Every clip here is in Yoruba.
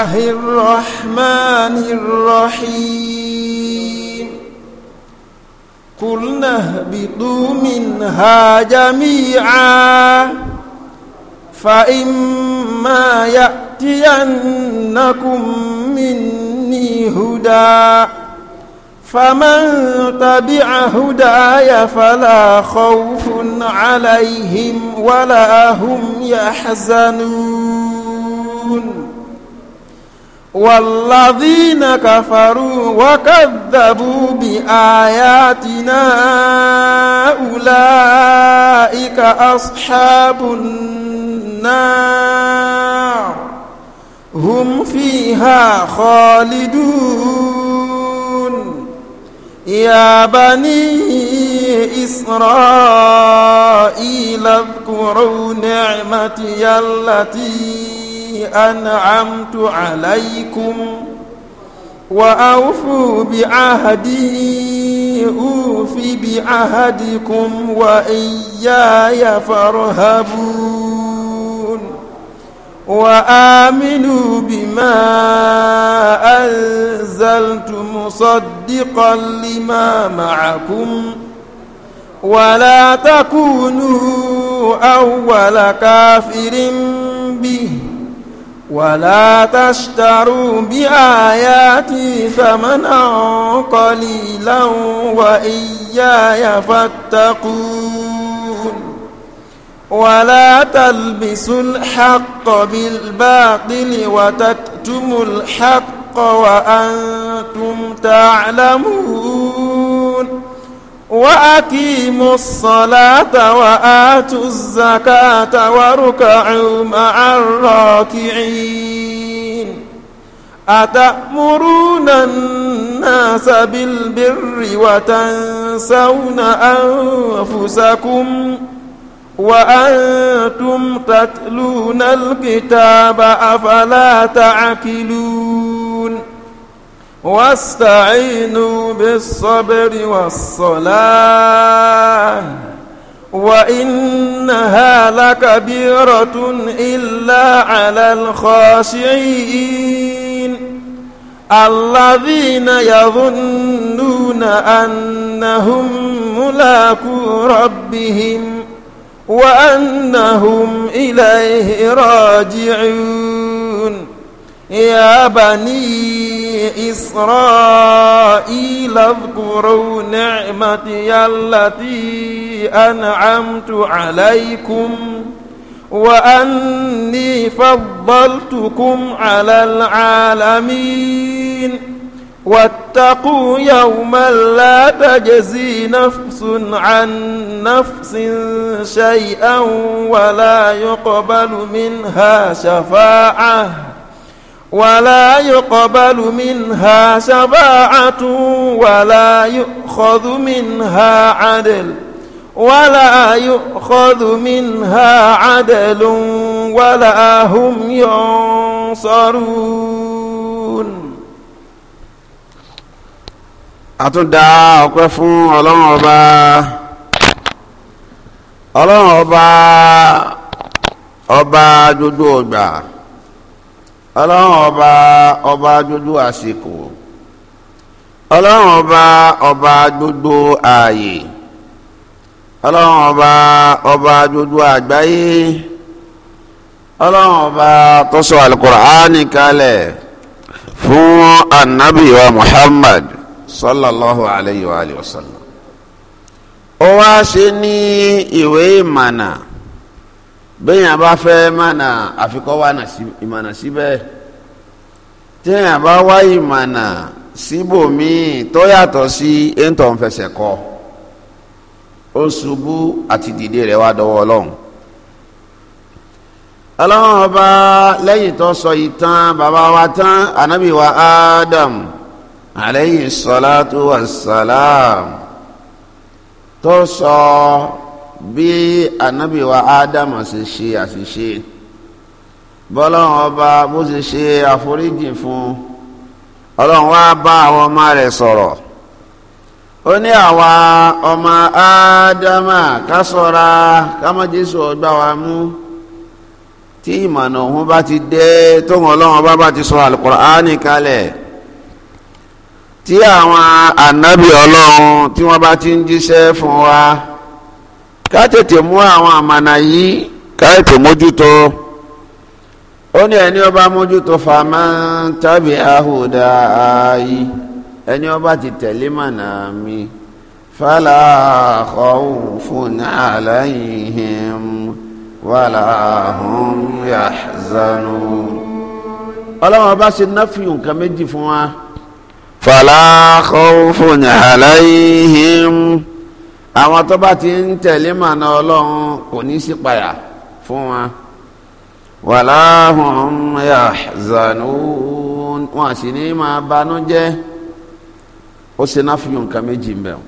الله الرحمن الرحيم قلنا اهبطوا منها جميعا فإما يأتينكم مني هدى فمن تبع هداي فلا خوف عليهم ولا هم يحزنون والذين كفروا وكذبوا بآياتنا أولئك أصحاب النار هم فيها خالدون يا بني إسرائيل اذكروا نعمتي التي أنعمت عليكم وأوفوا بعهدي أوف بعهدكم وإياي فارهبون وآمنوا بما أنزلت مصدقا لما معكم ولا تكونوا أول كافر به ولا تشتروا بآياتي ثمنا قليلا وإياي فاتقون ولا تلبسوا الحق بالباطل وتكتموا الحق وأنتم تعلمون وأقيموا الصلاة وآتوا الزكاة واركعوا مع الراكعين أتأمرون الناس بالبر وتنسون أنفسكم وأنتم تتلون الكتاب أفلا تعقلون واستعينوا بالصبر والصلاة وإنها لكبيرة إلا على الخاشعين الذين يظنون أنهم ملاكو ربهم وأنهم إليه راجعون يا بني إسرائيل اذكروا نعمتي التي أنعمت عليكم وأني فضلتكم على العالمين واتقوا يوما لا تجزي نفس عن نفس شيئا ولا يقبل منها شفاعه ولا يقبل منها شفاعة ولا يؤخذ منها عدل ولا يؤخذ منها عدل ولا هم ينصرون àtúndà ọpẹ́ الله أبا الله أبا أبا ọba gbogbo ọlọ́run ọba ọba dúdú àsìkò ọlọ́run ọba ọba gbogbo ààyè ọlọ́run ọba ọba gbogbo àgbáyé ọlọ́run ọba tó sọ alukur'ani kalẹ̀ fún anabi wa muhammad sallallahu alayhi wa sallam ó wá ṣe ní ìwé ìmànà bẹ́yìn àbá fẹ́ mánà àfikọ́ wà ìmànà síbẹ̀ tẹ́yìn àbá wá ìmànà síbòmíì tó yàtọ̀ sí ẹ̀ńtọ̀ ń fẹsẹ̀ kọ́ ó ṣubú àti dìde rẹ̀ wá dọwọ́ ọlọ́run ọlọ́run ọba lẹ́yìn tó sọ ìtàn bàbá wa tán ànábì wa Adam alayhi salatu wassalam tó sọ. So, bí anabi wa Adam ṣe ṣe àṣìṣe bọ́lọ́run ọba bó ṣe ṣe àforíjì fún ọlọ́run wá bá àwọn ọmọ rẹ̀ sọ̀rọ̀ ó ní àwa ọmọ ádámà ká ṣọ́ra ká má jésù ọgbà wa mú tí ìmọ̀nà òun bá ti dé tóun ọlọ́run ọba bá ti sọ àlùkùránì kalẹ̀ tí àwọn anabi ọlọ́run tí wọ́n bá ti ń jíṣẹ́ fún wa ká tètè mú àwọn àmànà yìí ká tètè mójútó ó ní ẹni ọba mójútó fama tàbí ahuda ayi ẹni ọba ti tẹ̀lé mànà mi fàlà khawfun alayhim wàlà hum yahzanun. ọlọ́wọ́n bá ṣe náfì nǹkan méjì fún wa. fàlà khawfun alayhim àwọn tó bá ti ń tẹ̀lé màná ọlọ́run kò ní sí payà fún wa wàlá hum yahzanun wọn sì ní máa banújẹ́ ó ṣe náà fún nǹkan méjì ń bẹ̀ wọn.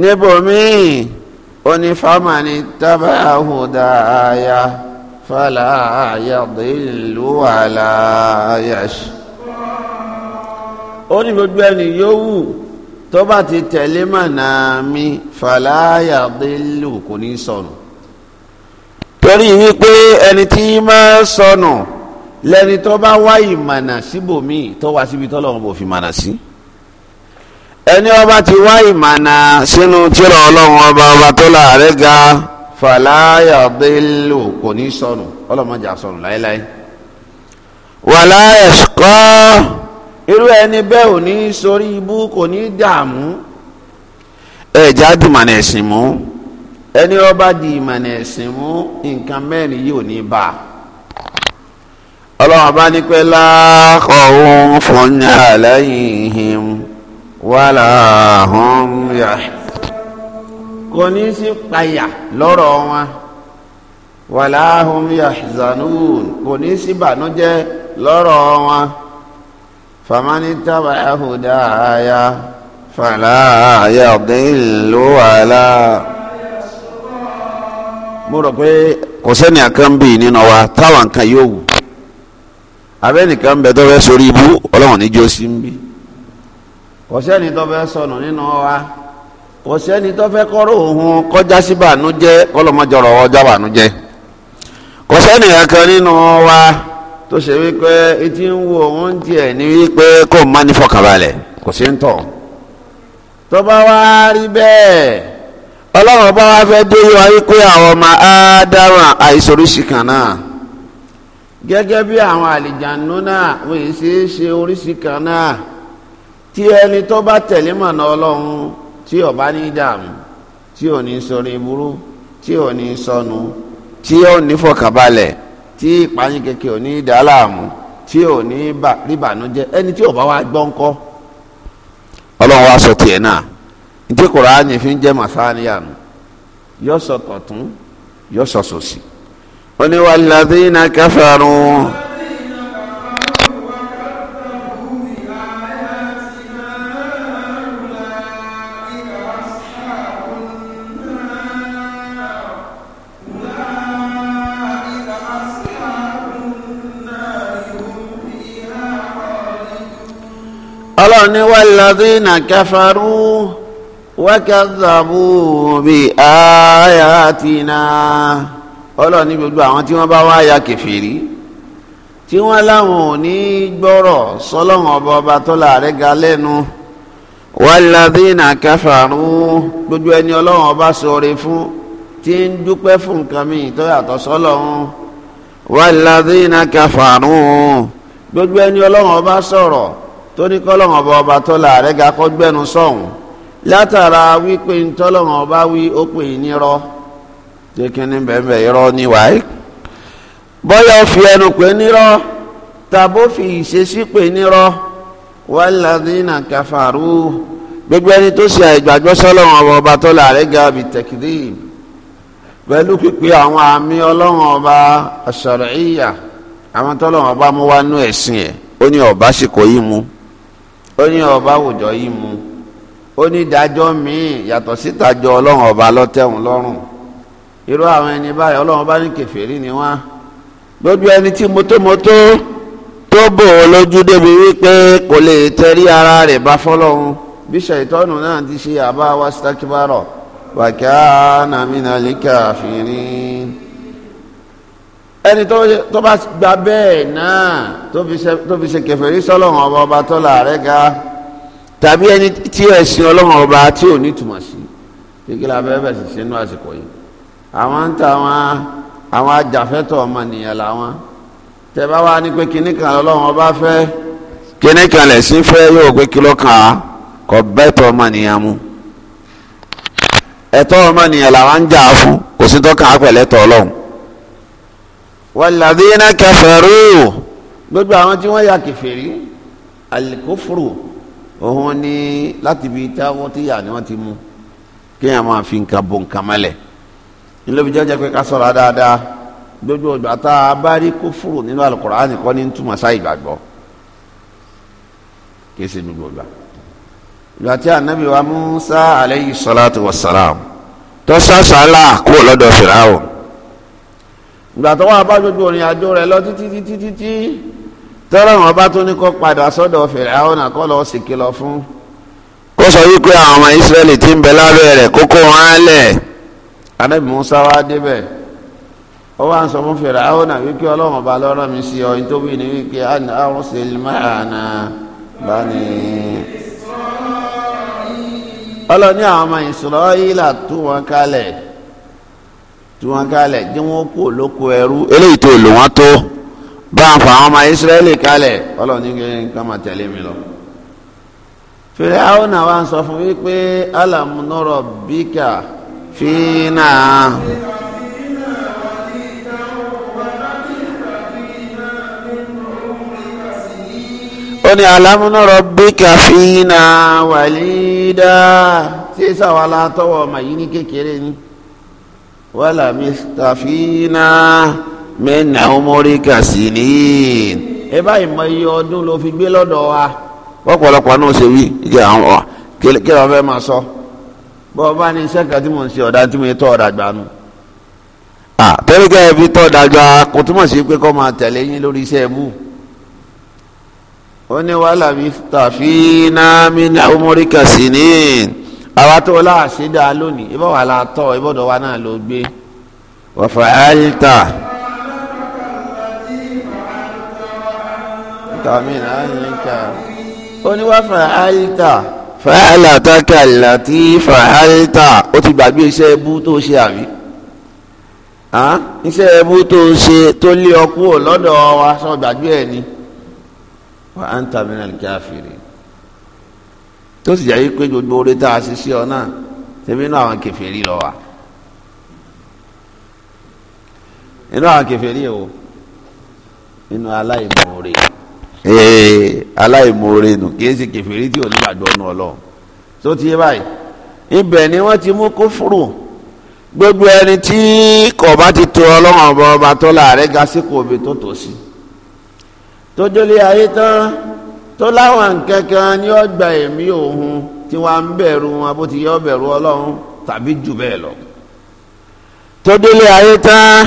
níbòmíì ó ní fámánì tábàá hùdáyà fàlà yadillu wàlà yàṣ. ó ní gbogbo ẹni yóò wù tó bá ti tẹ̀lé mọ̀nà mi fàlàyà délù kò ní sọnù torí wípé ẹni tí máa sọnù lẹni tó bá wá ìmọ̀nà síbòmíì tó wá síbi tọ́lọ́run bò fi mọ̀nà sí ẹni ọba ti wá ìmọ̀nà sínú tírà ọlọ́run ọba ọba tó láàrẹ́ ga fàlàyà délù kò ní sọnù ọlọ́run sọnù láéláé wàlàyà ṣùkọ́. irú ẹni bẹ́ẹ̀ ò ní sórí ibú kò ní dààmú ẹ̀já dìmọ̀nà ẹ̀sìn mú ẹni ọba di ìmọ̀nà ẹ̀sìn mú nǹkan mẹ́rin yìí ò ní bá a ọlọ́run bá ní pé láàkọ̀ òun fún ní àlẹ́yìn wà láàhún yá. kò ní sí payà lọ́rọ̀ wọn wà láàhún yá zanun kò ní sí bànújẹ́ lọ́rọ̀ wọn. فمن اتبع هدايا فلا يضل ولا mo rò pé kò sẹ́ni àkàn bíi nínú wa táwọn nǹkan yóò wù abẹ́nìkan bẹ tó sórí ibú ọlọ́run níjó sí ń bí kò sẹ́ni tó sọnù nínú wa kò sẹ́ni tó kọ́rọ̀ òun kọjá sí bànújẹ́ kọ́lọ́mọjọ́rọ̀ ọjọ́ bànújẹ́ kò sẹ́ni àkàn nínú wa tó ṣe wípé etí ń wo òun díẹ̀ ní wípé kó má ní fọkànbalẹ̀ kò sí ń tọ̀ tó bá wá rí bẹ́ẹ̀ ọlọ́run bá wá fẹ́ dé yọ wípé àwọn ọmọ ádámà àìsoríṣi kan náà gẹ́gẹ́ bí àwọn àlìjànú náà wọ́n yìí ṣe é ṣe oríṣi kan náà tí ẹni tó bá tẹ̀lé mọ̀nà ọlọ́run tí ó bá ní dààmú tí ò ní sọ̀rọ̀ ìburú tí ò ní sọnù tí ò ní fọkànbalẹ̀ tí ìpààyàn kékeré ò ní í dá láàmú tí ò ní í ríbànújẹ́ ẹni tí ò bá wá gbọ́ ńkọ́ ọlọ́run wá sọ tiẹ̀ náà ntí kùránì fi ń jẹ́ màsáníyàmù yọ sọ tọ̀tún yọ sọ sòsì. ní náà kẹfẹ́ rún. ni walladhina kafaru wákàtàbù bí ayatina ọlọ́ọ̀ni gbogbo àwọn tí wọ́n bá wá ya kẹfìrí tí wọ́n láwọn ò ní gbọ́rọ̀ sọlọ́wọ́n ọba ọba tó láàrẹ́ ga lẹ́nu wàlàdínà káfàrú gbogbo ẹni ọlọ́run ọba sọ̀rọ̀ fún tí ń dúpẹ́ fún nǹkan mi tó yàtọ̀ sọ́lọ́run wàlàdínà káfàrú gbogbo ẹni ọlọ́run ọba sọ̀rọ̀ torí ọba ọba tó láàrẹ́ ga kọ́ gbẹ́nu sọ̀hún látara wípé ọba wí ó pè é nírọ́ jẹ́ kí ní bẹ̀ẹ̀bẹ̀ irọ́ ní bọ́yá ó fi ẹnu pè nírọ́ tàbó fi ìṣesí pè nírọ́ rọ kàfàrú gbogbo ẹni tó ṣe ọba ọba tó bí tẹ̀kìdì pẹ̀lú pípé àwọn àmì ọba àṣàrẹ̀ ìyà àwọn ọba mú wá nú ní ó ní ọba àwùjọ yìí mu ó ní ìdájọ́ míì yàtọ̀ sítajọ́ ọlọ́run ọba lọ́tẹ̀hún lọ́rùn irú àwọn ẹni báyìí ọlọ́run bá ní kèfèrí ni wọ́n lójú ẹni tí mọ́tòmọ́tò tó bò ó lójú débi wípé kò lè tẹrí ara rẹ̀ bá fọlọ́run bí ṣètọ́nù náà ti ṣe àbá wa sítákíbárọ̀ wàkíá nàmínà lè kàfìrín ẹni tó bá gba bẹ́ẹ̀ náà tó fi ṣe kèfèrí sọ́lọ́run ọba ọba tó láàrẹ́ ga tàbí ẹni tí ẹ̀sìn ọlọ́run ọba tí ò ní túmọ̀ sí kíkí la bẹ́ẹ̀ bẹ̀sì sínú àsìkò yìí àwọn ń ta àwọn ajàfẹ́tọ̀ ọmọnìyàn làwọn tẹ bá wá ní pé kinní kan lọ́lọ́run ọba fẹ́ kinní kan lẹ̀sìn fẹ́ yóò pé kí lọ́kàn á kọ bẹ́tọ̀ ọmọnìyàn mu ẹ̀tọ́ ọmọnìyàn làwọn ń jà fún kò sí tọ́kàn pẹ̀lẹ́tọ̀ ọlọ́run wàlàdínà kẹfẹ̀rú gbogbo àwọn tí wọ́n ya kẹfẹ̀rí alikófòrò òun ni láti ibi táwọn tí yà ni wọ́n ti mú kéèyàn máa fi nǹkan bò nǹkan mọ́lẹ̀ nílòbí jẹ́jẹ́ pé ká sọ̀rọ̀ dáadáa gbogbo ọ̀dọ̀ àtà abárí kófòrò nínú Al-Qur'ani kọ́ ní túmọ̀ sáyì gbàgbọ́ kìí gbogbo ọ̀gbà ìgbà tí anabi wa Musa aleyhi salatu wa salam tó sá sálà kó lọ́dọ̀ Fìràwọ̀ ìgbà tó wà bá gbogbo orin àjò lọ títí títí títí tọ́rọ ọba tó ní kó padà sọ́dọ̀ Fáráò náà lọ sì kìlọ̀ fún. kó sọ wípé àwọn ọmọ Ísírẹ́lì ti ń bẹ lábẹ́ rẹ̀ kókó wọn á lẹ̀ Ànábì wa débẹ̀ ó wá ń sọ fún ọlọ́run ọba lọ́rọ̀ mi sí ọ ní wípé bá ní. tí wọn kalẹ̀ jẹ́ wọn kú olóko ẹrú eléyìí tó lò wọn tó bá ń fa àwọn ọmọ Ísírẹ́lì kalẹ̀ ní kí mi lọ. fèrè àwọn náà ń sọ fún wípé alamunọrọ bíkà fínà. ó ní alamunọrọ bíkà fínà wàlídà sí ọmọ yìí ní kékeré ni. wàhálà mi tàfínà mẹ́nà ọmọríkà sí ni ẹ báyìí mọ iye ọdún ló fi gbé lọ́dọ̀ wa ọ̀pọ̀lọpọ̀ náà ṣe wí kí àwọn kí wọ́n fẹ́ máa sọ bọ́ọ̀ bá ní iṣẹ́ kan tí mò ń ṣe ọ̀dà tí mo tọ́ ọ̀dà gbà nù tẹ́lẹ̀kẹ́ ẹ fi tọ́ dàgbà kò túmọ̀ sí pé kọ́ máa tẹ̀lé yín lórí iṣẹ́ mú ó ní wàhálà mi tàfi mi ní àwọn ọmọríkà àwa tó láàṣẹ dá a lónìí ibà wà láà tọ ibọdọ wa náà ló gbé wàfà àìlítà. tàmínà àìlítà. fàálà tákàlà tí fàálítà ó ti gbàgbé iṣẹ́ ẹbú tó ṣe àbí iṣẹ́ ẹbú tó ṣe tó lé ọ lọ́dọ̀ wa sọ gbàgbé ẹ̀ ni. wà á ń tàmínà kí a fèrè tó sì jẹ́ pé gbogbo orí tá a ṣe sí ọ náà ṣebí inú àwọn kèfèrí lọ wà inú àwọn kèfèrí o inú aláìmoore ee aláìmoore nù kí n sì kèfèrí tí ò ní gbàgbọ́ ọ̀nà ọlọ́run tó ti yé báyìí ibẹ̀ ni wọ́n ti mú kó fúrù gbogbo ẹni tí kò bá ti tó ọlọ́run ọba ọba tó láàrẹ́ ga sí kò bí tó tò sí tójúlé ayé tán tó láwọn nǹkan kan ní ọgbà ẹ̀mí òun tí wọ́n á ń bẹ̀rù wọn bó ti yẹ ọ́ bẹ̀rù ọlọ́run tàbí jù bẹ́ẹ̀ lọ. tó délé ayé tán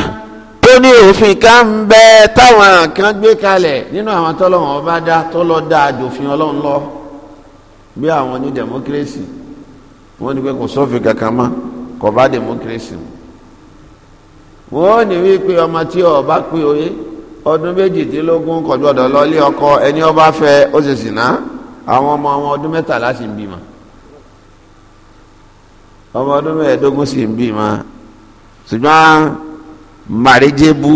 tó ní òfin kan ń bẹ táwọn kan gbé kalẹ̀ nínú àwọn tọ́lọ́wọ́n ọba dá tó lọ dá àjòfin ọlọ́run lọ bí àwọn ní democracy wọ́n ní pé kò sófin kankan mọ́ kò bá democracy wọ́n ní wípé ọmọ tí ọba pé oyè ọdún méjìdínlógún kò gbọdọ̀ lọ ilé ọkọ ẹni ó bá fẹ́ ó sì sìnà àwọn ọmọ wọn ọdún mẹ́tàlá sì ń bímọ ọmọ ọdún mẹ́ẹ̀ẹ́dógún sì ń bímọ ṣùgbọ́n màríjébú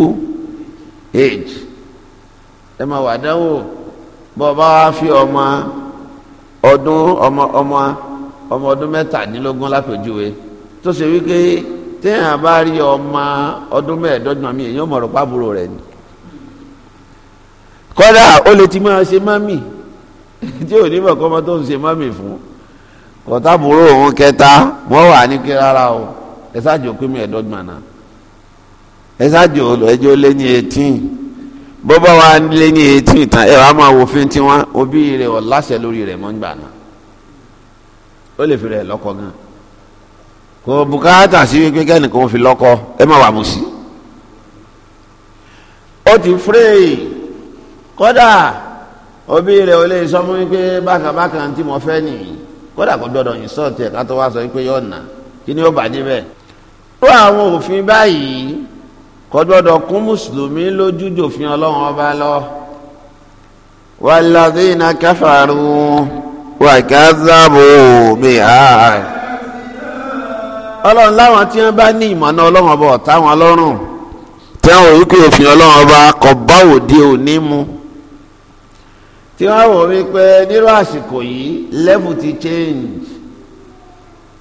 age ẹ máa wà dánwò bọ́ ọ bá wá fi ọmọ ọdún ọmọ ọmọ ọmọ ọdún mẹ́tàdínlógún lápèjúwe tó ṣe wípé téèyàn bá rí ọmọ ọdún mẹ́ẹ̀ẹ́dọ́gbọ̀n mi èèyàn mọ̀rọ̀ pàbúrò rẹ̀ ni kọ́dà ó lè ti máa ṣe mami tí ò ní bọ̀ kọ́mọ tó ń ṣe mami fún kọ́tàbùrò òun kẹta wọ́n wà ní kí rárá o ẹ ṣáàjò pé mi ẹ̀dọ́gbọ̀n náà ẹ ṣáàjò olù ẹjọ́ lé ní eighteen bó bá wa lé ní eighteen tán ẹ wàá máa wo fi ti wọn òbí rẹ ọ̀ láṣẹ lórí rẹ mọ́ ń gbà náà ó lè fi rẹ lọ́kọ gan kò bùkátà sí wípé kẹ́nìkan fi lọ́kọ ẹ má wà mú sí ó ti fúrẹ́ẹ̀. kódà òbí rẹ̀ ò lè sọ fún mi pé bákan bákan tí mo fẹ́ nìyí kódà kò gbọdọ̀ yìí sọ̀tì ẹ̀ká tó wá sọ pé yóò nà kí ni ó bà bẹ́ẹ̀? ó àwọn òfin báyìí kò gbọdọ̀ kún mùsùlùmí lójú jòfin ọlọ́run ọba lọ. wàlàdínà káfàrú wàkàzàbò bíhà. ọlọ́run láwọn tí wọ́n bá ní ìmọ̀nà ọlọ́run ọba ọ̀tá wọn lọ́rùn. tẹ́wọ̀n wípé òfin ọlọ́run ọba kò báwò òní mu. tí wọ́n wò wípé nírú àsìkò yìí level ti change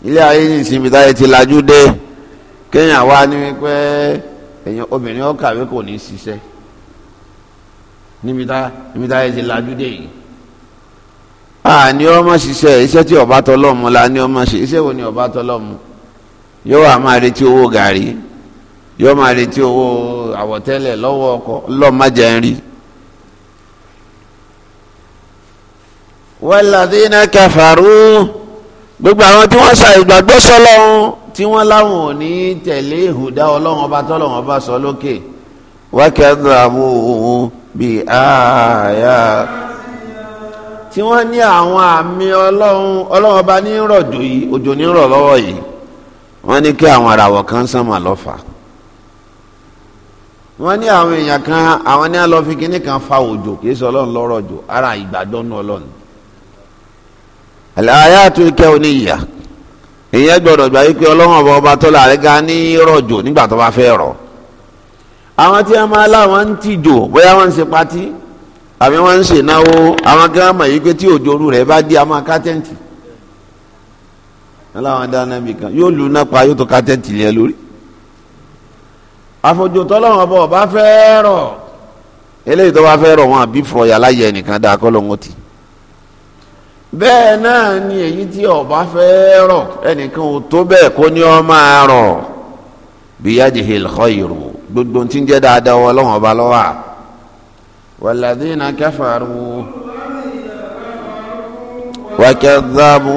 ilé ayé ní ìsinmi táyé ti lajú dé kéèyàn wá ní wípé èèyàn obìnrin ó kàwé kò ní ṣiṣẹ́ níbi táyé ti lajú dé yìí àní ọmọ ṣiṣẹ́ iṣẹ́ tí ọba tọlọ́mù la ní ọmọ ṣe iṣẹ́ wo ni ọba tọlọ́mù yóò wá máa retí owó gàrí yóò máa retí owó àwọ̀tẹ́lẹ̀ lọ́wọ́ ọkọ lọ́ọ́ má jẹun rí wàlàdínà kẹfàrú gbogbo àwọn tí wọ́n ṣàìgbàgbọ́ sọlọ́run tí wọ́n láwọn ò ní tẹ̀lé ìhùdá ọlọ́run ọba tọ́lọ́run ọba sọ lókè wákẹ́dùn àwọn òun bíi ààyà tí wọ́n ní àwọn àmì ọlọ́run ọlọ́run ọba ní rọ̀jò yìí òjò ní rọ̀ lọ́wọ́ yìí wọ́n ní kí àwọn àràwọ̀ kan sánmà lọ́fà wọ́n ní àwọn èèyàn kan àwọn ní àlọ́fi kínní kan fa òjò kì í sọ ọlọ́run lọ́rọ̀ jò ara ìgbàdọ́nù ọlọ́run àyàtú kẹ́ọ̀níyà ìyẹn gbọ́dọ̀ gbà yí pé ọlọ́run ọba ọba tó láàrin ga ní rọ̀jò nígbà tó bá fẹ́ rọ̀ àwọn tí a máa láwọn ń tìjò bóyá wọ́n ń ṣe patí àbí wọ́n ń ṣènáwó àwọn kí wọ́n mọ̀ yí pé tí òjò oru rẹ̀ bá di a máa láwọn dáná bì kan yóò lu nápa yóò tó ká tẹ́ǹtì e lórí àfojò tọ́lọ́run ọba ọba fẹ́ rọ̀ eléyìí tó bá fẹ́ rọ̀ wọn àbí fọ̀yà láyé ẹnìkan dáa kọ́ lóun ti bẹ́ẹ̀ náà ni èyí tí ọba fẹ́ rọ̀ ẹnìkan ò tó bẹ́ẹ̀ kó ní ọ máa rọ̀ bíyájìhì lọ́yìrò gbogbo tí ń jẹ́ dáadáa wọn lọ́wọ́n ọba lọ́wọ́ wàlàdínà kẹfàrú wàkẹ́dàbù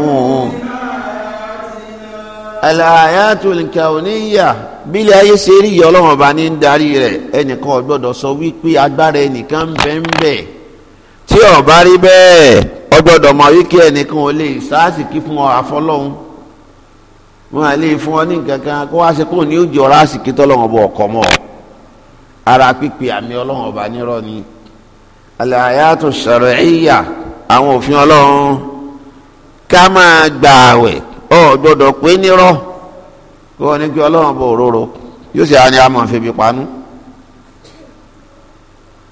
àlàyàtul kàwníyà bílẹ̀ ayé ṣe rí ìyá ọlọ́wọ́n ọba ní darí rẹ̀ ẹnìkan ò sọ wípé agbára ẹnìkan bẹ́ẹ̀ bẹ́ẹ̀ tí ọba rí bẹ́ẹ̀ ọgbọ́dọ̀ máa yí kí ẹnìkan ò lè sáàsìkí fún ọ àfọlọ́hún wọn à lè fún ọ ní nǹkan kan kó wá ṣe kó ní ojú ọ̀rá àsìkí tọ́lọ́wọ́n bọ̀ ọ̀kọ́ mọ́ ara pípé àmì ọlọ́wọ́n ọba nírọ́ ni àlàyàtò ṣàrẹ̀ẹ́yà àwọn òfin ọlọ́run ká máa gbà àwẹ̀ ọ gbọ́dọ̀ pé nírọ́ kó wọn ní kí ọlọ́wọ́n bọ̀ òróró yóò ṣe àní àmọ̀ fèbí panú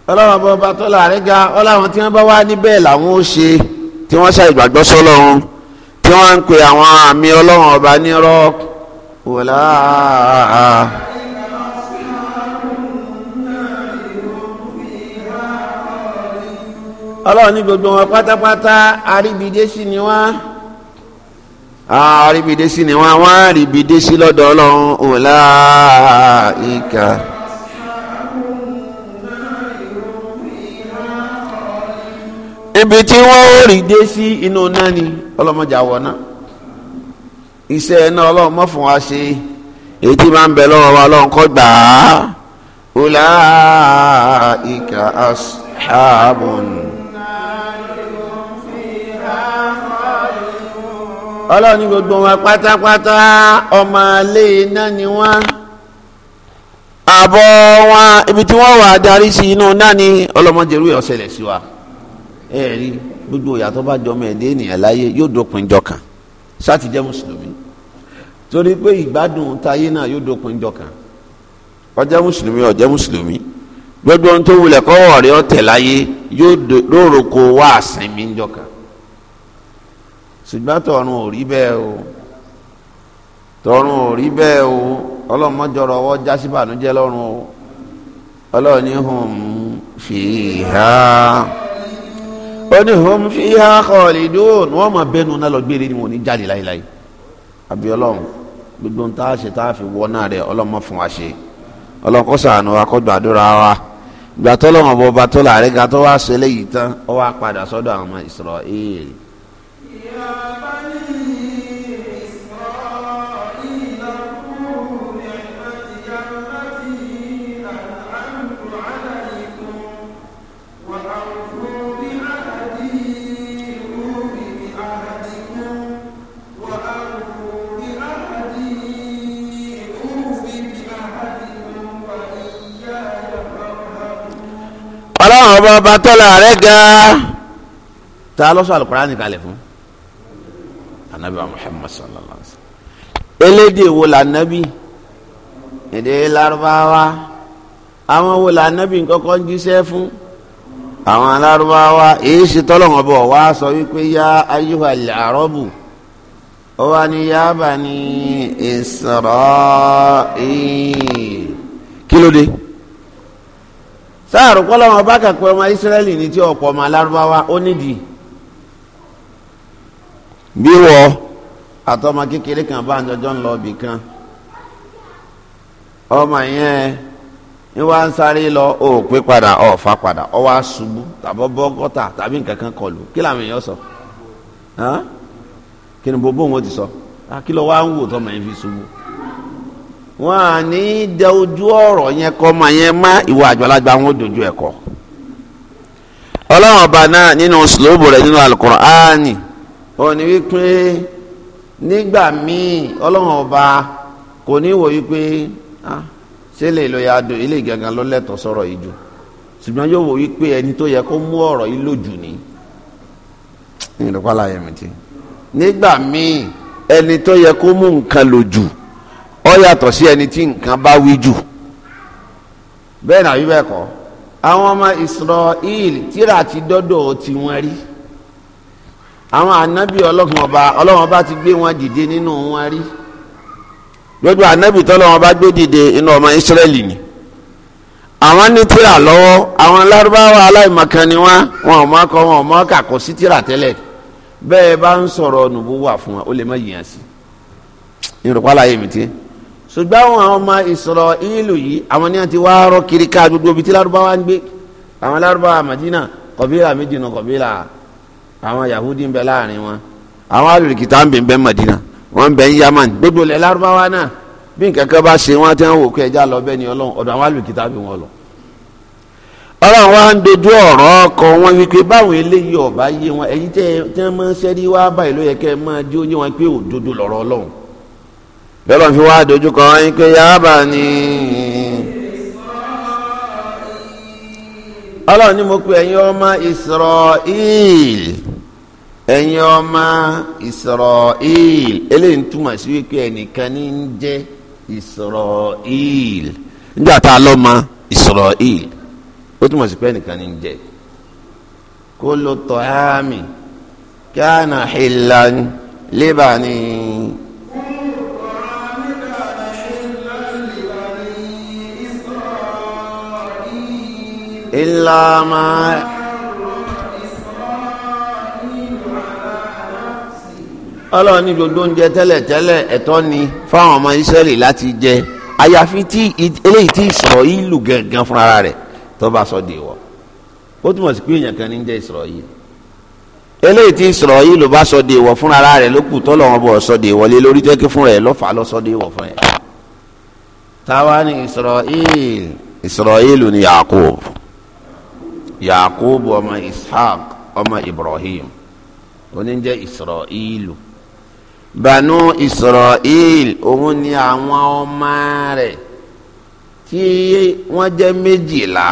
ọlọ́run bọ́ bá tó láàrin ga ọlọ́run tí wọ́n bá wá níbẹ̀ làwọn ó ṣe tí wọ́n ṣe ìgbàgbọ́ sọ́lọ́run tí wọ́n ń pe àwọn àmì ọlọ́run ọba nírọ́ wòlá. ọlọ́run ní gbogbo wọn pátápátá àríbidésí ni wọ́n àríbidésí ni wọ́n wọ́n àríbidésí lọ́dọ̀ ọlọ́run ọ̀la ìka. ibi tí wọ́n ó rí dé sí inú náà ni ọlọ́mọdé àwọ̀ náà iṣẹ́ náà ọlọ́run mọ́ fún wa ṣe èyí tí máa ń bẹ lọ́wọ́ wa ọlọ́run kọ́ gbà á ulaika ashabun. ọlọ́run ní gbogbo wọn pátápátá ọmọ alẹ́ iná ni wọ́n àbọ̀ wọn ibi tí wọ́n wà darí sí inú náà ni ọlọ́mọdé rú ọ̀sẹ̀ lẹ̀ sí wa. ẹ rí gbogbo ìyà tó bá jọmọ ẹdẹ ènìyàn láyé yóò dópin jọkàn sáti jẹ́ mùsùlùmí torí pé ìgbádùn táyé náà yóò dópin jọkàn ó mùsùlùmí mùsùlùmí gbogbo ohun tó wulẹ̀ kọ́ ọ̀rẹ́ ọ̀tẹ̀ láyé yóò lóòrò kó wá jọkàn ṣùgbọ́n ò rí bẹ́ẹ̀ o ò rí bẹ́ẹ̀ o ọwọ́ lọ́rùn o ọlọ́ọ̀ni ó ní hom fi ha khalidun wọ́n máa bẹ́nu náà lọ gbére ni wọ́n ní jáde láéláé àbí ọlọ́run gbogbo tá a ṣe tá a fi wọ́ náà rẹ̀ ọlọ́mọ fún wa ṣe ọlọ́run kó ṣàánú wa kó gbàdúrà wa gbà tó lọ́wọ́n bọ́ bá tó láàrin ga tó tán ó wá padà àwọn ọmọ Ísírẹ́lì. ìyá ọba ọba tọ́lá rẹ̀ ga ta ló sọ alukurani kalẹ̀ fún anabi muhammad sallallahu alaihi wa sallam elédè wo la nabi èdè Lárúbáwá àwọn wo la nabi kọ́kọ́ jíṣẹ́ fún àwọn alárúbáwá èyí ṣe tọ́lọ̀wọ́n bọ̀ wá sọ wípé yá ayyuhal arabu ó wá ní yá bani Isra'il kí ló dé. sáàrù kọ́lọ́wọ́n bá kàpẹ́ ọmọ Ísírẹ́lì ní tí ọ̀pọ̀ ọmọ alárúbáwá ó nídìí bí wọ́ àtọmọ kékeré kan bá àjọjọ́ ń lọ ibì kan ọmọ yẹn ń wá ń sáré lọ ó pé padà ó fà padà ó wá ṣubú tàbọ̀ bọ́ gọ́tà tàbí nǹkan kan kọlù kí làwọn èèyàn sọ kí ni bó bóun ó ti wọn à ní dẹ ojú ọ̀rọ̀ yẹn kọ́ ma yẹn má ìwà àgbàlagbà wọn ò dojú ẹ̀ kọ́ ọlọ́run ọba náà nínú sùlóòbù rẹ̀ nínú Al-Qur'ani ó wípé nígbà míì ọlọ́run ọba kò ní wò wípé ah, ṣé lè lọ ya do ilé gangan ló lẹ́tọ̀ọ́ sọ̀rọ̀ yìí jù ṣùgbọ́n yóò wò wípé ẹni tó yẹ kó mú ọ̀rọ̀ yìí lójú ni nígbà míì ẹni tó yẹ kó mú nǹkan lójú ọ yàtọ̀ sí ẹni tí nǹkan bá wí jù bẹ́ẹ̀ náà wíwẹ́ kọ́ àwọn ọmọ Israel tíra ti dọ́dọ̀ tí wọ́n rí àwọn ànábì ọlọ́run ọba ọlọ́run ọba ti gbé wọn dìde nínú wọn rí gbogbo ànábì tọ́lọ́run bá gbé dìde inú ọmọ Israel ni àwọn ní tíra lọ́wọ́ àwọn lárúbáwá aláìmọ̀kan ni wọ́n wọn ò mọ̀ kọ wọn ò mọ̀ kà kò sí tíra tẹ́lẹ̀ bẹ́ẹ̀ bá ń sọ̀rọ̀ nùbú wà fún wa ó lè má yìnyín sí i ìrùpá láyé mi tiẹ́ ṣùgbọ́n àwọn ọmọ Ísírẹ́lì yìí àwọn ní àti wá rọ kiri ká gbogbo ibi tí lárúbáwá ń gbé àwọn lárúbáwá Madina kọ̀bílà méjì nù kọ̀bílà àwọn Yahudi ń bẹ láàrin wọn àwọn alùkìtà ń bẹ ń bẹ Madina wọn ń bẹ ń Yaman gbogbo ilẹ̀ lárúbáwá náà bí nǹkan bá ṣe wọn tí wọn wò kó ẹja lọ bẹ́ẹ̀ ni Ọlọ́run ọ̀dọ̀ àwọn alùkìtà bí wọn lọ. Ọlọ́run wa ń dojú ọ̀rọ̀ ọkọ wọn wípé báwọn eléyìí ọba yé wọn ẹ̀yin tẹ́ ẹ máa ń ṣẹ́rí wá báyìí ló yẹ kẹ́ ẹ máa dí ó yé wọn pé òdodo bẹ́ẹ̀ fi wá dojúkọ yín pé yáàbà ni ọlọ́run ní mo pe ẹ̀yin ọmọ Israel ẹ̀yin ọmọ Israel eléyìí ń túmọ̀ sí wípé ẹnìkan ní ń jẹ́ Israel nígbà tá a lọ́ ma Israel ó túmọ̀ sí pé ẹnìkan ní ń jẹ́ kullu ta'ami kana hillan libani. إلا ما ọlọ́run ní gbogbo oúnjẹ tẹ́lẹ̀tẹ́lẹ̀ ẹ̀tọ́ ni fáwọn ọmọ Ísírẹ́lì láti jẹ àyàfi tí eléyìí tí Ísírẹ́lì gangan fúnra rẹ̀ tó bá sọ di wọ ó túmọ̀ sí pé èèyàn kan ní jẹ́ Ísírẹ́lì eléyìí tí Ísírẹ́lì bá sọ di wọ fúnra rẹ̀ ló kù tọ́lọ̀ wọn bọ̀ sọ di wọlé lórí tẹ́kí fúnra ẹ̀ lọ́fà lọ́sọ di wọ fún ẹ̀ táwa ni Ísírẹ́lì Ísírẹ́lì ni Yakub yaakubu ọmọ ishaq ọmọ ibrahim oníjẹ isra'ilu banu isra'il òun ni àwọn ọmọ rẹ̀ tí wọ́n jẹ́ méjìlá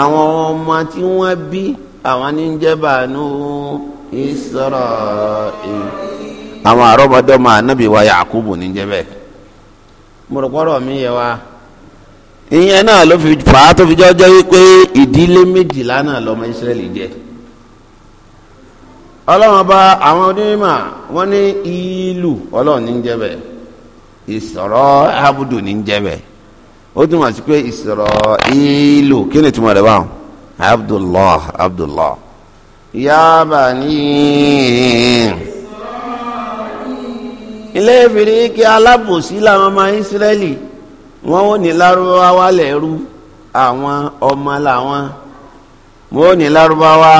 àwọn ọmọ tí wọ́n bí àwọn ní jẹ́ banu isra'il àwọn àrọ́mọdọ́mọ anabi wa yaakubu ní jẹ́ bẹ́ẹ̀ mi yẹ wa. ìyẹn náà ló fi fà á tó fi jọjọ wípé ìdílé méjìlá náà lọmọ Ísírẹ́lì jẹ ọlọ́run bá àwọn onímọ̀ wọ́n ní ìlú ọlọ́run ní abudu ní jẹ́bẹ̀ ó túmọ̀ sí pé ìsọ̀rọ̀ ìlú kí ni túmọ̀ rẹ̀ báwọn Abdullah Abdullah ya bani ilé ìfìrí kí alábòsí làwọn ọmọ wọ́n ò ní lárúbáwá lẹ́rú àwọn ọmọ làwọn wọ́n ò ní lárúbáwá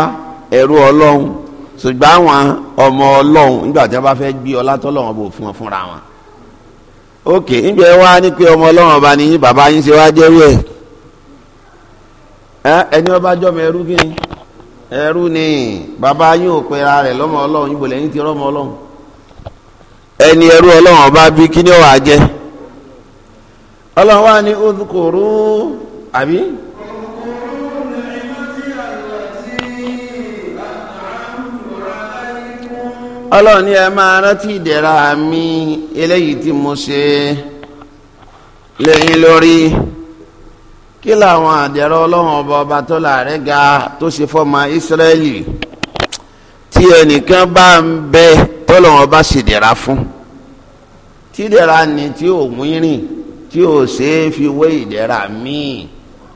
ẹ̀rú ọlọ́run ṣùgbọ́n àwọn ọmọ ọlọ́run nígbà tí wọ́n bá fẹ́ gbé ọlá bò fún wọn fúnra wọn. nígbà wá ní pé ọmọ ọlọ́run ọba ni bàbá yín ṣe wá ẹni ọba ẹrú ẹrú ni bàbá yín ò rẹ̀ lọ́mọ ọlọ́run yín ti rọ́mọ ọlọ́run ọlọ́run wá ní udhkuru àbí. ọlọ́run ní ẹ máa rántí ìdẹ̀ra mi eléyìí tí mo ṣe lẹ́yìn lórí kí làwọn àdẹ̀rọ ọlọ́run ọba ọba tó láàrẹ́ ga tó ṣe fọ́mọ ìsírẹ́lì tí ẹnìkan bá ń bẹ tọ́lọ́run ọba ṣèdẹ̀ra fún tídẹ̀ra ni tí ò rìn tí ò ṣeé fi wé ìdẹ́ra míì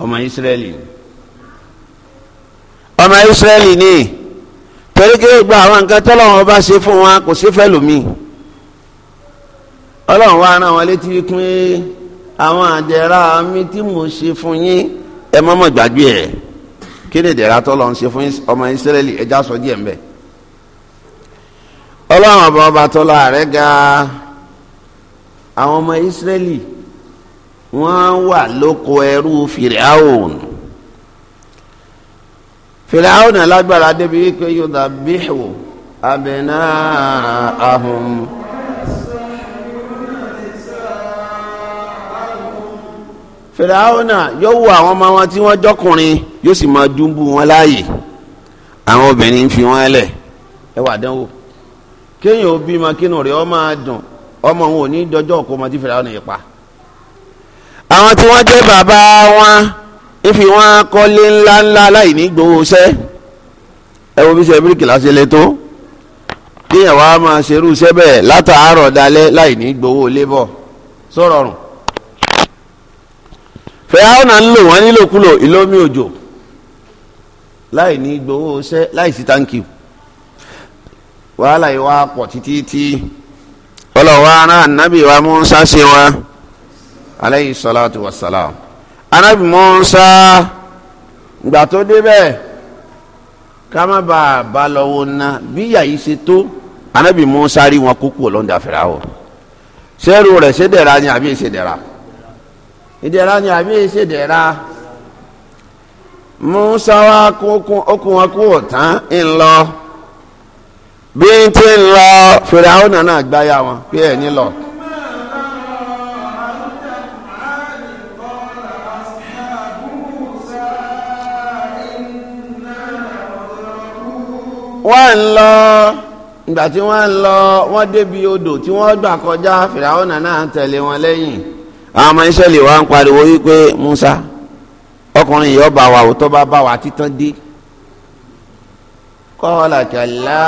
ọmọ Ísírẹ́lì ni ọmọ Ísírẹ́lì ni torí kí gba àwọn nǹkan tọ́lọ́wọ́n bá ṣe fún wọn kò sí fẹ́ lómi ọlọ́run wa rán wọn létí pé àwọn àdẹ̀rà mi tí mo ṣe fún yín ẹ mọ́mọ́ gbàgbé ẹ̀ kí ni ìdẹ̀ra tọ́lọ́run ṣe fún ọmọ Ísírẹ́lì ẹja sọ díẹ̀ mbẹ́ ọlọ́run ọba ọba tọ́lọ́ ààrẹ ga àwọn ọmọ Ísírẹ́lì wọ́n wà lóko ẹrú fìrìhàwòn fìrìhàwòn alágbára débi wípé yóò dà bíhù abẹ́nà ahùn. fìrìhàwòn yóò wo àwọn ọmọ wọn tí wọ́n jọkùnrin yóò sì máa dúnbù wọn láàyè àwọn obìnrin ń fi wọn lẹ̀ ẹ wà dánwò kéèyàn ó bímọ kínú rẹ̀ ó máa ọmọ òun ò ní dọjọ́ òkú ọmọ tí fìrìhàwòn yìí pa. àwọn tí wọ́n jẹ́ bàbá wọn ìfi wọn kọ́lé ńláńlá láì ní ẹ wo bí bíríkì láti lè tó wá máa ṣerú sẹ́bẹ̀ látàárọ̀ láì ní gbowó lébọ̀ sọ̀rọ̀ rùn fẹ́hánà ń lò wọ́n nílòkulò ìlómi òjò láì ní gbowó láì sí táǹkì wàhálà ara wa wa. aleyhi salatu wa salam anabi musa gbà tó débẹ̀ ká má bàa bá lọ́wọ́ ná bí yàyí ṣe tó anabi musa rí wọn kúkú lọ́ndà fìràwọ̀ sẹ́rù rẹ̀ ṣèdẹ̀ra ni àbí ṣèdẹ̀ra ìdẹ̀ra ni àbí ṣèdẹ̀ra musa wa kún okun wọn kú ọ̀tán ńlọ bí n ti ń lọ fìràwọ̀ náà gbáyà wọn pé ẹ̀ ní lọ. wọ́n ń lọ ìgbà tí wọ́n ń lọ wọ́n débi odò tí wọ́n gbà kọjá fìràwọ́nà náà ń tẹ̀lé wọn lẹ́yìn àwọn ọmọ Ísírẹ́lì wa ń pariwo wípé Musa ọkùnrin yìí ọba wa òótọ́ bá bá wa títán dé kọ́ọ̀lá kẹlá.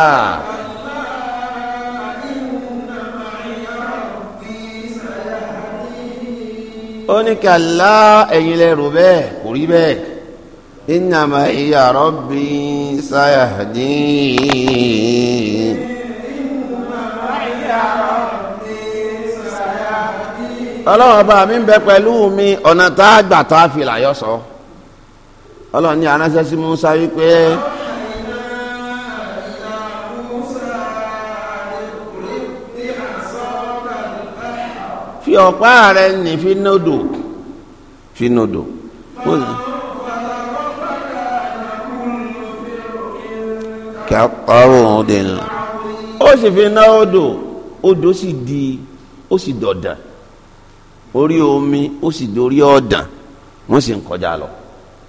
ó ní ẹ̀yin lẹ́rù bẹ́ẹ̀ kò إنما هي ربي سيهدين ọlọ́run ọba mi ń bẹ pẹ̀lú mi ọ̀nà tá a gbà tá a fi làyọ̀ sọ ọlọ́run ní aránṣẹ́ sí Musa wípé. fi ọ̀pá rẹ̀ ní fi nódò fi nódò. kakọrọ òde nù. ó sì fi ná odò odò sì di ó sì dọ̀dàn orí omi ó sì dorí ọ̀dàn wọ́n sì ń kọjá lọ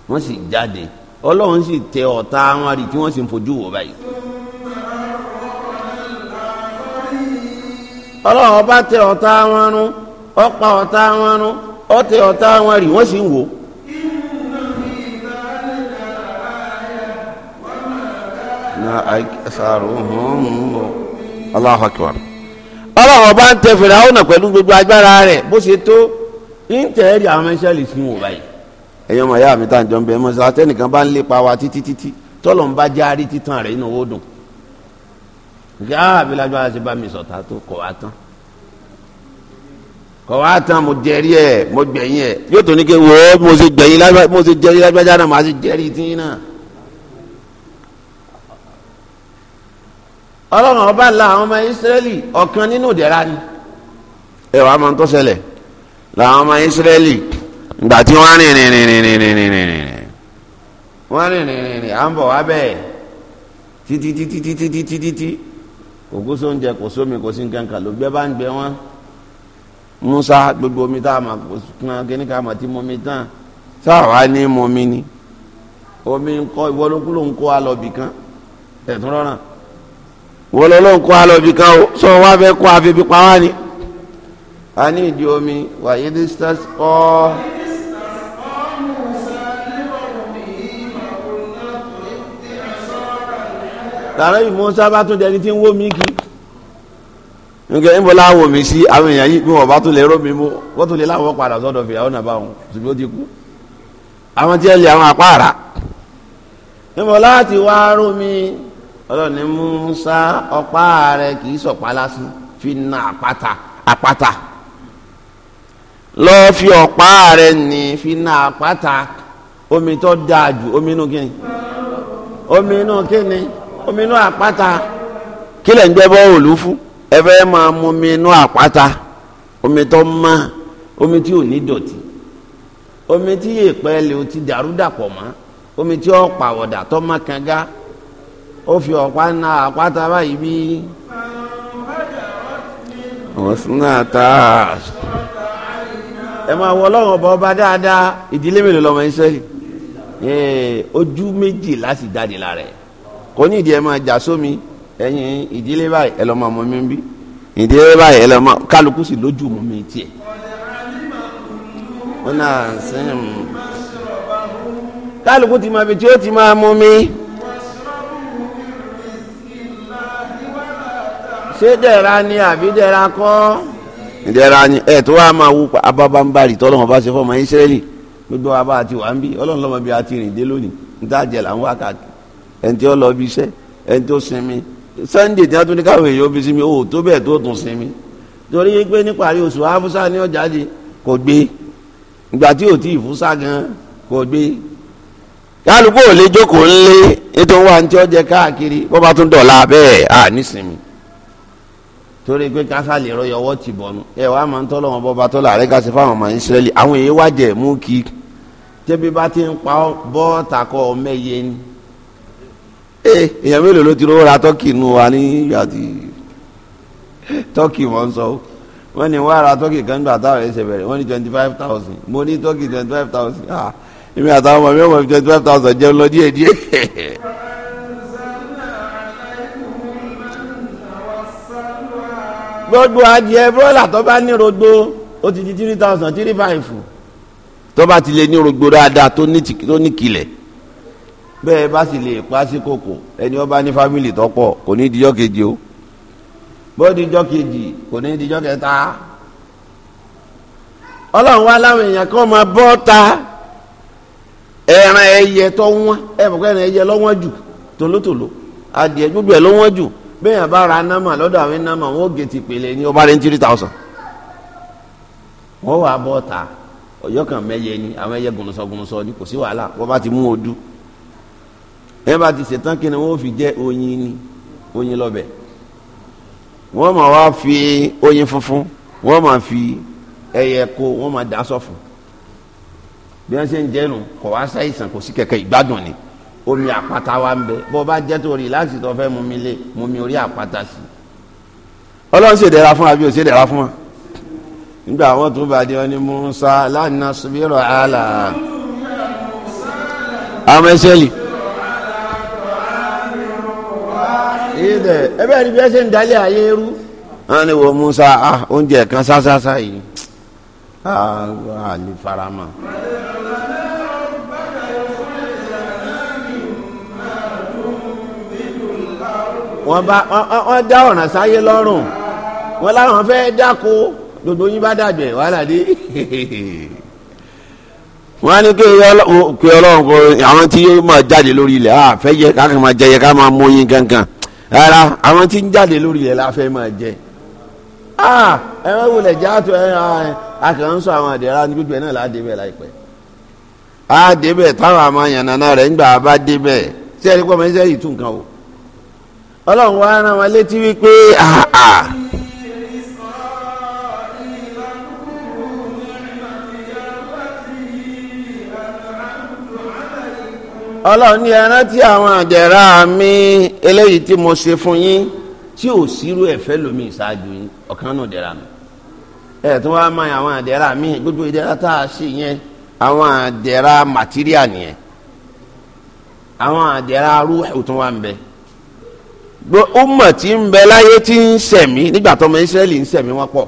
wọ́n sì jáde ọlọ́run sì tẹ ọ̀tá wọn rí tí wọ́n sì ń fojú wò báyìí. ọlọ́run ọba tẹ ọ̀tá wọn rún ọ̀pá ọ̀tá wọn rún ọ̀tẹ ọ̀tá wọn rí wọ́n sì ń wò ó. na aktharuhum Allahu akbar ọlọ́run ọba ń tẹ fìràwọ́nà pẹ̀lú gbogbo agbára rẹ̀ bó ṣe tó ń tẹ̀ẹ́rì àwọn ẹ̀ṣẹ́ lè fi wò báyìí. ẹ̀yọ́ mọ̀ ayá mi tá à ń jọ ń bẹ mọ́ sọ́ra tẹ́nìkan bá ń lépa wa títí títí tọ́lọ̀ ń bá já rí títàn rẹ̀ inú owó dùn. ǹjẹ́ àbílájú ah, ara ṣe bá mi sọ̀tà tó kọ̀ wá tán. kọ̀ wá tán mo jẹ́rí ẹ̀ mo gbẹ̀yìn ẹ̀ yóò tó ní kí wọ́ọ́ mo ṣe jẹ́rí lágbájá náà ọlọ́run ọba la àwọn ọmọ ìsírẹ́lì ọ̀kan nínú ìdẹ̀ra ni ẹ wàá máa tó ṣẹlẹ̀ làwọn ọmọ ìsírẹ́lì ìgbà tí wọ́n rìn rìn rìn rìn rìn rìn rìn rìn wọ́n rìn rìn rìn bọ̀ wá bẹ́ẹ̀ títí títí títí títí títí kò kó sóúnjẹ kò sómi kò sí nkankan gbẹ bá gbẹ wọn Musa gbogbo omi tá a máa kó ti mọ omi tán omi ni omi ń kọ ń kó wọ́n lọ́n kó kan o ni. a ní ìdí omi wàyí ní stars kọ́. tààrà yìí bá tún tí ń wó mi kì í. nǹkan ìbọn láwọn mi sí àwọn èèyàn yìí bí wọn bá tún lè rọ mi mú wọn tún lè láwọn padà nàbà wọn ó ti kú. àwọn ọlọ́run ní musa ọ̀pá rẹ kì í sọ̀pá lásán fi na àpáta àpáta fi ọ̀pá rẹ ní fi na omi tó dáa jù omi inú kíni omi inú kíni omi inú àpáta kílẹ̀ ń omi inú àpáta omi tó mọ́ omi tí ò omi tí lè ti dàrúdàpọ̀ mọ́ omi tí tó ó fi ọ̀pá ná àpáta báyìí bí. ọ̀sùnà tá a. ẹ máa wọ ọlọ́run ọba ọba dáadáa ìdílé mélòó lọ́mọ ìṣẹ́lì ojú méjì láti jáde lára ẹ̀ kò ní ìdí ẹ máa jà sómi ẹ̀yin ìdílé báyìí ẹ lọ́mọ ọmọ mi ń bí ìdílé báyìí ẹ lọ́mọ kálukú sì lójú mọ́ mi tiẹ̀ wọn náà sẹ́yìn kálukú ti máa fi tí ó ti máa mú mi. ṣé ni àbí dẹ̀ra kọ́. ìdẹ̀ra ni ẹ̀ tó wàá máa wú abábánbárì tọ́lọ́mọ bá ṣe fọ́ọ̀mù gbogbo aba ati wà ń bí ọlọ́run lọ́mọ bí a ti rìn dé lónìí níta là ń wá káàkiri ẹni tí ó lọ bí iṣẹ́ ẹni tó sinmi Sunday tí wọ́n tún ní káwọn èèyàn bí sinmi ó tó bẹ́ẹ̀ tó tún sinmi torí pé níparí oṣù ní ọjà di kò gbé ìgbà tí ò tí ì gan kò torí pé kásá lè rọ yọwọ́ ti bọ̀nu ẹ wàá máa ń tọ́lọ̀ wọn bọ́ba tọ́lọ̀ àrẹ ká ṣe fáwọn ọmọ ìsírẹ́lì àwọn èyí wájẹ̀ mú kí tẹ́bí bá ti ń pa ọ́ bọ́ọ̀tà kọ́ ọ mẹ́yẹ ni. ẹ èèyàn mélòó ló ti rówó tọ́kì nù wa nígbà tí tọ́kì wọ́n sọ wọ́n ní wọ́n tọ́kì kan gbà táwọn ẹ̀ṣẹ̀ bẹ̀rẹ̀ wọ́n ní twenty five thousand mo ní tọ́kì twenty five thousand ah èmi àtàwọn ọmọ twenty five thousand jẹun lọ gbogbo adìẹ bọ́là tó bá ní rogbo ó ti di three thousand three five tó bá ti lè ní rogbo dáadáa tó ní kilẹ̀ bẹ́ẹ̀ bá sì lè pa sí koko ẹni ó bá ní fámìlì tó pọ̀ kò ní dijọ́ kejì o bó dijọ́ kejì kò ní dijọ́ kẹta ọlọ́run wa láwọn èèyàn kan máa bọ́ ta ẹran ẹyẹ tó wọ́n ẹ̀ mọ̀ pé ẹran ẹyẹ lọ́wọ́n jù tòlótòló adìẹ gbogbo ẹ̀ lọ́wọ́n jù bẹ́ẹ̀ yẹn bá ra nọ́mà lọ́dọ̀ àwọn nọ́mà wọ́n gé ti pèlè ní ọba rẹ̀ ní three thousand. wọ́n wà bọ́ ta ọ̀yọ́ kan mẹ́yẹ ni àwọn ẹyẹ gùnùsọ̀ gùnùsọ̀ ni kò sí wàhálà wọ́n bá ti mú odú. ẹ bá ti ṣètàn kí ni wọ́n fi jẹ́ oyin ni oyin lọ́bẹ̀. wọ́n máa wá fi oyin funfun wọ́n máa fi ẹyẹ kó wọ́n máa dá sọ̀fún. bí wọ́n ṣe ń jẹ́nu kò wá sáìsàn kò sí kẹ̀kẹ́ ìgbádùn ni omi àpáta wa ń bẹ bó bá jẹ́ tó rìláàsì tó fẹ́ mú mi lé mú mi orí àpáta sí i ọlọ́run ṣèdẹ̀ra fún wa bí o ṣèdẹ̀ra fún wa nígbà àwọn tó bá dé wọn ni Musa lánàá subirọ àlà àwọn ẹsẹ lì. ìdẹ ẹbẹ ni bí ẹ ṣe ń dalẹ ayé rú. wọn ni wo Musa ah oúnjẹ kan ṣáṣáṣá yìí ah àlè farama. wọ́n bá wọ́n dá ọ̀ràn sáyé lọ́rùn wọ́n fẹ́ dáko dodo yín bá dàgbẹ̀ wàhálà dé wọ́n á ní kí ọlọ́run kò àwọn tí yóò máa jáde lórí ilẹ̀ á ah, fẹ́ yẹ ká máa jẹ yẹ ká máa mú yín kankan rárá àwọn tí ń jáde lórí ilẹ̀ la máa jẹ ah, wulẹ̀ ẹ a ń àwọn ọlọ́run wa rán wọn létí wípé àà. ọlọ́run ní ẹran tí àwọn àjẹrà mi eléyìí tí mo ṣe fún yín tí ò sírú ẹ̀fẹ́ lómi ìṣáájú yín ọ̀kan náà dẹ̀ra mi ẹ̀ tó wá máa àwọn àdẹ̀rà mi gbogbo ìdẹ̀rà tá a ṣe yẹn àwọn àdẹ̀rà màtíríà nìyẹn àwọn àdẹ̀rà rúwẹ̀ tó wà ń bẹ́ẹ̀. umma tí ń bẹ láyé tí ń sẹ̀mí nígbà tó ọmọ israẹli ń sẹ̀mí wọn pọ̀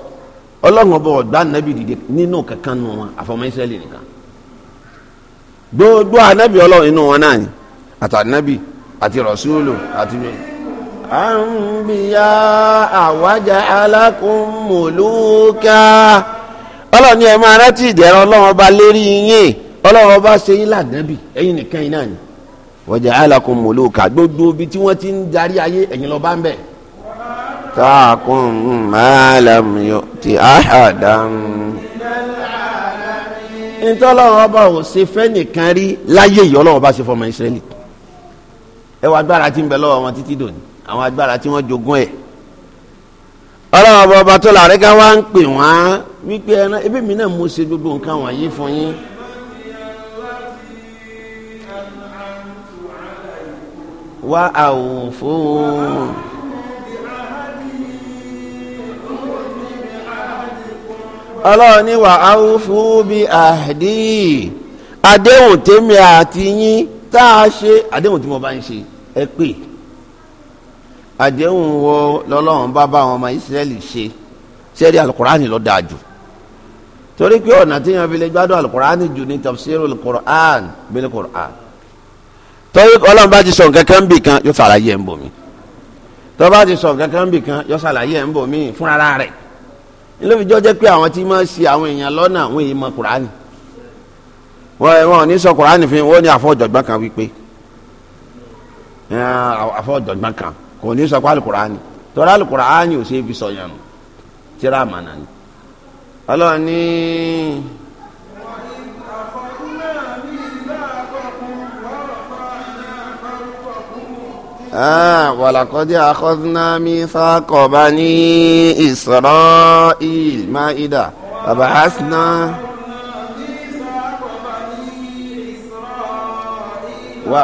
ọlọ́run bọ̀ nàbì dìde nínú kankan nù wọn àfọmọ israẹli nìkan gbogbo anabi ọlọ́run inú wọn náà ni àti rọ̀ṣúlù àti àǹbíyá àwájà alákùnmùlùkà ọlọ́run ẹ máa rántí ọlọ́run ọba lérí yín ọlọ́run ọba ṣe yín ẹ̀yin nìkan waja'alakum muluka gbogbo bí tí wọ́n ti ń darí ayé ẹ̀yin lọ bá ń bẹ̀. taakum ma lam yu'ti ahadan. ntọ́lọ́wọ́ ọba ò ṣe fẹ́ nìkan rí láyé yìí ọlọ́wọ́ bá ṣe fọmọ ìsírẹ́lì. ẹ wá agbára tí ń bẹ lọ́wọ́ wọn títí dòní àwọn agbára tí wọ́n jogún ẹ̀. ọlọ́wọ́ ọba tó làrẹ́gá wá ń pè wọ́n wípé ẹran mi náà mo ṣe gbogbo nǹkan wọ̀nyí fún yín. وأوفوا ọlọ́run ní wà á fún bí àdí àdéhùn tèmi àti yín tá a ṣe àdéhùn tí mo bá ń ṣe ẹ pé àdéhùn wo lọ́lọ́run bá bá àwọn ọmọ Ísírẹ́lì ṣe sẹ́rí alukurani ló dáa jù torí pé ọ̀nà tí yẹn fi lè gbádùn alukurani jù ní tafsirul Qur'an bil Qur'an tọ́yọ́ ọlọ́run bá ti sọ nǹkan kan bì kan yóò ṣàlàyé ẹ̀ ń bò mí tọ́ bá ti sọ nǹkan kan bì kan yóò ṣàlàyé ẹ̀ ń bò mí fúnra rẹ̀ ilé ìjọ jẹ́ pé àwọn tí máa ń ṣe àwọn èèyàn lọ́nà àwọn èèyàn mọ kùránì wọn wọn ò ní sọ kùránì fún wọn ní àfọ̀jọ̀gbọ́n kan wípé àfọ̀jọ̀gbọ́n kan kò ní sọ pé alukùránì tọ́lá alukùránì ò ṣe é fi tíra àmàna ni ọlọ́run ní. آه ولقد أخذنا ميثاق بني إسرائيل إذا فبحثنا و...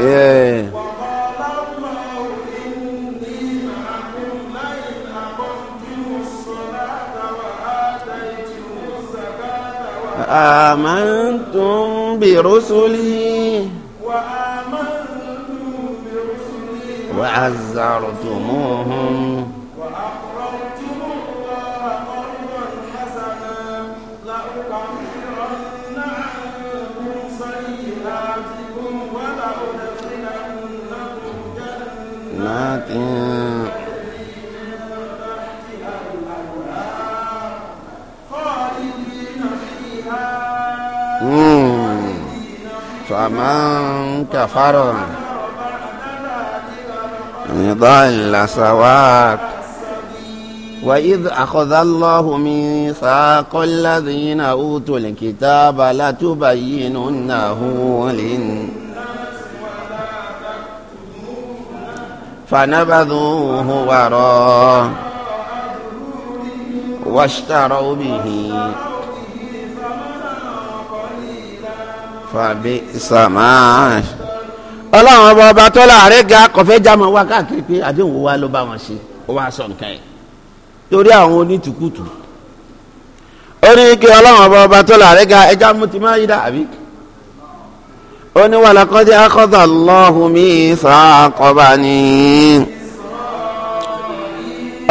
إيه آمنتم برسلي وآمنتم برسلي وعزرتموهم وأقررتم الله قرضا حسنا لأكفرن عنكم سيئاتكم ولأدخلنكم جنات فمن كفر يضل سواك وإذ أخذ الله ميثاق الذين أوتوا الكتاب لتبيننه لن فنبذوه وراء واشتروا به fàbí sàmáà ọlọ́run ọba ọba tó láàárẹ̀ ga kọfẹ́ jámọ̀ wá káàkiri pé àdéhùn wa ló bá wọn ṣe ó wá sọ nǹkan yẹn torí àwọn onítùkùtù ó ní kí ọlọ́run ọba ọba tó láàárẹ̀ ga ẹja mú ti máa yí dà àbí ó ní wàlá kọ́dé akọ́dà lọ́hùn mí sàkọ́bà ni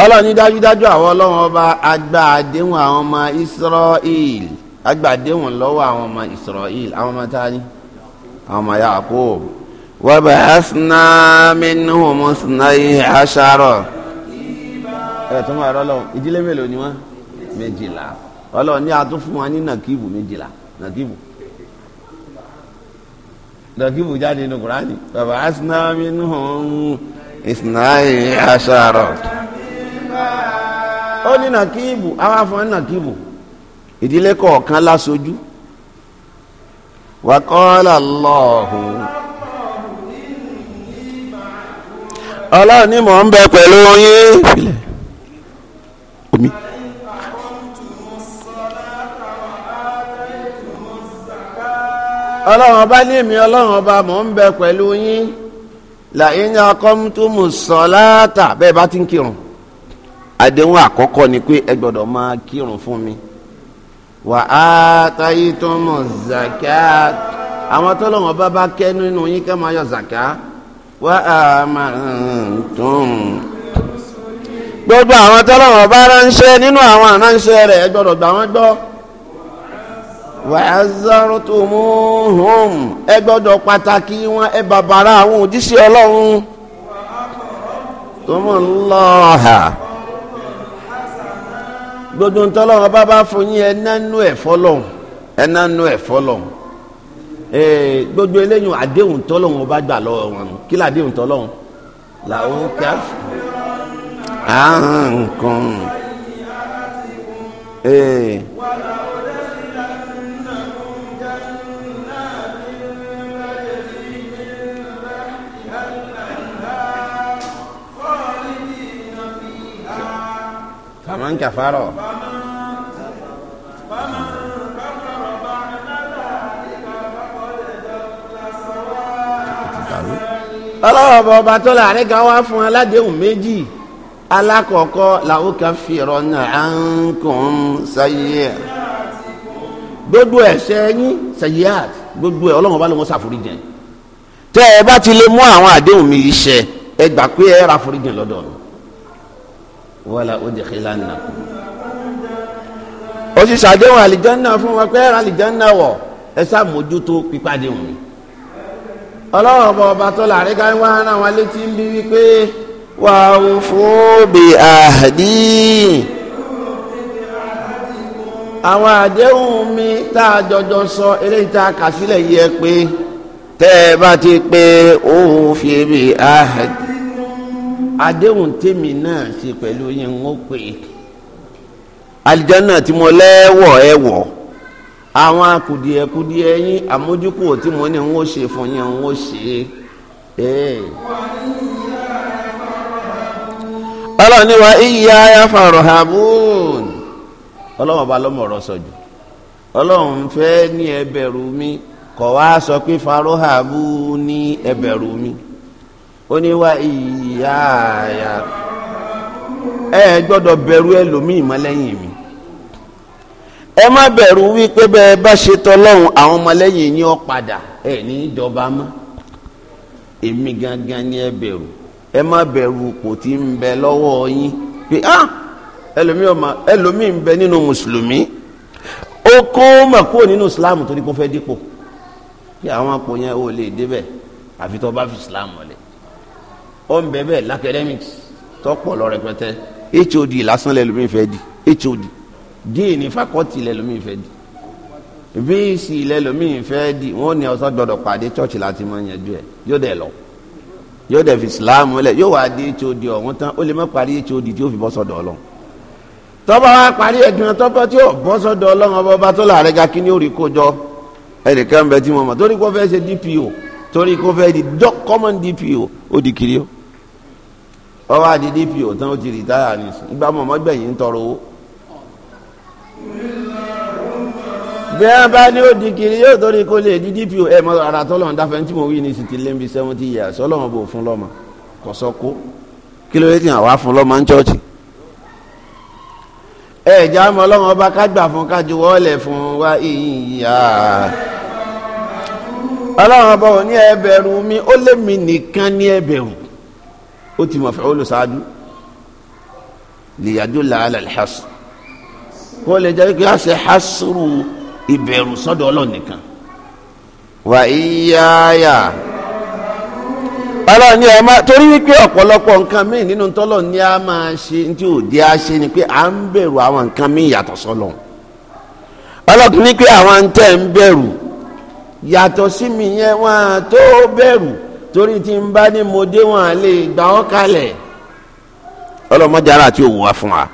ọlọ́run ní dájúdájú àwọn ọlọ́run ọba àgbà àdéhùn àwọn ọmọ Israel agbàdéhùn lọ́wọ́ àwọn ọmọ Israel àwọn ọmọ tani àwọn ọmọ Yakub wa ba'athna minhum ithnay ashara ẹ̀ tó máa rọ́lọ́ ìdílé mélòó ni wọ́n méjìlá ọlọ́run ní atún fún wa ní nàkíbù méjìlá nàkíbù nàkíbù jáde nínú Kùránì wa ba'athna minhum ithnay ashara ó ní nàkíbù àwọn afọ ní nàkíbù. ìdílé kọ̀ọ̀kan lásojú wàkọ́ọ́lá lọ́ọ̀hù ọlọ́run ní mò ń bẹ pẹ̀lú oyin ìpìlẹ̀ omi. ọlọ́run ọba ní èmi ọlọ́run ọba mò ń bẹ pẹ̀lú yín làyín akọ́mtúmù sọ́láàtà bẹ́ẹ̀ bá ti ń kírun àdéhùn àkọ́kọ́ ni pé ẹ gbọ́dọ̀ máa kírun fún mi wà á táyé tó mọ̀ awọn àwọn tó lọ́wọ́ bá bá kẹ́ nínú yín kẹ́ máa yọ zakat wà á máa tún. gbogbo àwọn tó lọ́wọ́ bá ránṣẹ́ nínú àwọn àránṣẹ́ rẹ̀ ẹ gbọ́dọ̀ gbà wọ́n gbọ́ wà á zọrọ tó mú hùm ẹ gbọ́dọ̀ pàtàkì wọn ẹ bàbàrà gbogbo ń tọ́lọ́wọ́n bá bá fún yín ẹ̀ná nú ẹ̀ fọ́lọ́hún ẹ̀ná nú ẹ̀ fọ́lọ́hún ee gbogbo eléyìn àdéhùn tọ́lọ́hún bá gbà lọ́wọ́ wọn kí làdéhùn tọ́lọ́hún làwọn ká àhàn nǹkan kàmáǹkà fárọ̀. ọlọ́wọ́ bọ̀ ọba tó láàrin kan wá fún aládéhùn méjì alákọ̀ọ́kọ́ làwọn kan fìrọ̀ náà ń kàn sáyé gbogbo ẹ̀ṣẹ̀ yín sáyé àti gbogbo ẹ̀ ọlọ́wọ́ bá ló wọn ṣàforíjì tẹ́ ẹ bá ti lè mú àwọn àdéhùn mi ṣẹ ẹ gbà pé ẹ ra foríjì lọ́dọ̀ mi wọ́lá ó di xilá nà kú ó sì ṣàdéhùn àlìjánná fún wọn pé ẹ ra àlìjánná wọ̀ ẹ sá mójútó pípàdéhùn mi ọlọ́run ọba ọba tó láàrin ká wá ara wọn létí ń bí wípé wà á fún bí àhàdí àwọn àdéhùn mi tá a jọjọ sọ eléyìí tá a kà sílẹ̀ yẹ pé tẹ́ ẹ bá ti pé òun fi bí àhàdí àdéhùn tèmi náà ṣe pẹ̀lú yẹn ń wọ́n pè é àlìjánnà tí mo lẹ́wọ̀ ẹ wọ̀ àwọn akùdìẹ̀kùdìẹ̀ yín àmójúkù tí mo ní wọ́n ṣe fún yín wọ́n ṣe é. ọlọ́ni wa iyá ya farhabun ọlọ́run ọba lọ́mọ ọ̀rọ̀ sọ̀jù ọlọ́run fẹ́ ní ẹ bẹ̀rù mi kọ̀ wá sọ pé farohabu ní ẹ bẹ̀rù mi ó ní wa iyá ya ẹ gbọ́dọ̀ bẹ̀rù ẹlòmíì mọ́ lẹ́yìn mi. ẹ má bẹ̀rù wípé bẹ́ẹ̀ bá ṣe tọ́lọ́run àwọn ọmọlẹ́yìn yín ó padà ẹ̀ ní ìjọba mọ́ èmi gangan ni ẹ bẹ̀rù ẹ má bẹ̀rù kò tí ń bẹ lọ́wọ́ yín pé ah ẹlòmíì ọmọ ẹlòmíì ń bẹ nínú mùsùlùmí ó kó mà kúrò nínú islam torí kó fẹ́ dípò kí àwọn àpò yẹn ò lè débẹ̀ àfi tó bá fi islam wọlé ó ń bẹ bẹ́ẹ̀ l'academics tọ́pọ̀ lọ rẹpẹtẹ hod lásán lẹ́lòmíì fẹ́ di hod díìní fakọ́tì lẹ́lòmíì fẹ́ di bíìsì lẹ́lòmíì fẹ́ di wọ́n ní ọ̀sán gbọ́dọ̀ pàdé chọ́ọ̀chì láti mọ yanjú ẹ̀ yóò dẹ̀ lọ yóò dẹ̀ fi islam lẹ̀ yóò wá di hod ọ̀hún tán ó lè má parí hod tí ó fi bọ́ sọ́dọ̀ ọlọ́run tọ́ba wa parí ẹ̀gbìn tọ́pọ̀ tí ó bọ́ sọ́dọ̀ ọlọ́run ọba ọba tó láàrẹ́ ga kí ni ó rí kó jọ ẹnìkan bẹ tí mo mọ̀ torí kó fẹ́ ṣe dpo torí kó fẹ́ di common dpo ó di kiri ó wá di dpo tán ó ti rìtáyà nìsín ìgbà mọ̀mọ́ gbẹ̀yìn ń tọrọ owó bí wọ́n bá ní ó di kiri yóò torí kó lè di dpo ẹ̀ mọ́ ara tọ́lọ̀ ń dáfẹ́ tí mo wí ní sì ti lé níbi seventy years ọlọ́run bò fún lọ́mọ kò kó kí ló àwa fún lọ́mọ ń chọ́ọ̀chì ẹ̀ jẹ́ àmọ́ ọlọ́run ọba ká gbà fún ká juwọ́ ọ̀lẹ̀ fún wa ìyá ọlọ́run ọba ò ní ẹ mi ó lé mi nìkan ní ẹ ó ti mọ̀ fẹ́ olùsáájú lìyàdó làálẹ̀ lẹ́sùn kó lè jẹ́ kí a ṣe hasru ìbẹ̀rù sọ́dọ̀ ọlọ́run nìkan. wà á yáyà ọlọ́run ní ẹ máa torí wípé ọ̀pọ̀lọpọ̀ nǹkan míì nínú tọ́lọ̀ ni a máa ṣe tí ò dé a ṣe ni pé à ń bẹ̀rù àwọn nǹkan míì yàtọ̀ sọ́lọ̀ ọlọ́run ní pé àwọn tẹ̀ ń bẹ̀rù yàtọ̀ sí mi yẹn tó bẹ̀rù torí tí n bá ní mo dé wọn lè gbà ọ́ fún wa.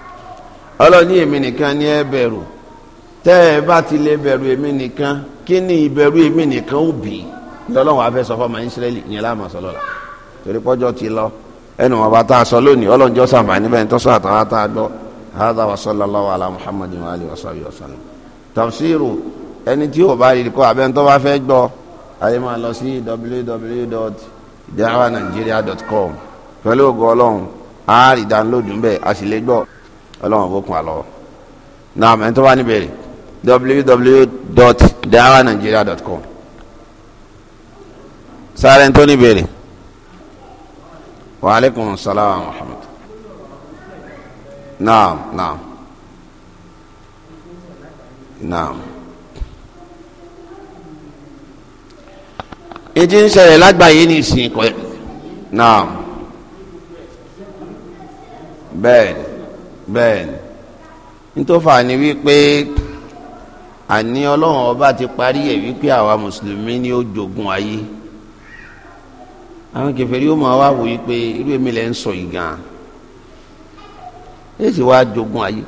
ọlọ́ni èmi nìkan ni ẹ bẹ̀rù tẹ́ ẹ bá ti lè bẹ̀rù èmi nìkan kí ni ìbẹ̀rù èmi nìkan ó bì í lọ́lọ́wọ́n afẹ́ sọ fọmọ ìsírẹ́lì ìyẹn láàmú sọ lọ́la torí pọ́jọ́ ti lọ ẹnu wọn bá tá a sọ lónìí ọlọ́njọ́ sàmà níbẹ̀ ń tọ́sọ àtàwọn tá a gbọ́ hádà wa sallallahu ala muhammadin wa alihi wa sahbihi wa sallam tafsiru ẹni tí o bá rí kọ́ abẹ́ ń tọ́ bá fẹ́ gbọ́ ayé máa lọ sí www.dawahnigeria.com pẹ̀lú ògo ọlọ́run a rí dánlódùn bẹ́ẹ̀ a sì lè gbọ́ ọlọ́run bó kún àlọ́ náà ẹni tó bá níbẹ̀rẹ̀ www.dawanigeria.com sáré ẹni tó níbẹ̀rẹ̀ wa aleykum salaam wa rahmatulah naam naam naam. ìdí ń ṣẹlẹ̀ lágbàáyé ní ìsìn kọ́ ẹ̀ naam bẹ́ẹ̀ ni bẹ́ẹ̀ ni nítòfà ni wípé àní ọlọ́run ọba ti parí ẹ̀ wípé àwa mùsùlùmí ni ó jogun ayé àwọn kèfèrí ó máa wá wò wípé irú èmi lẹ́ ń sọ yìí gan-an wá jogun ayé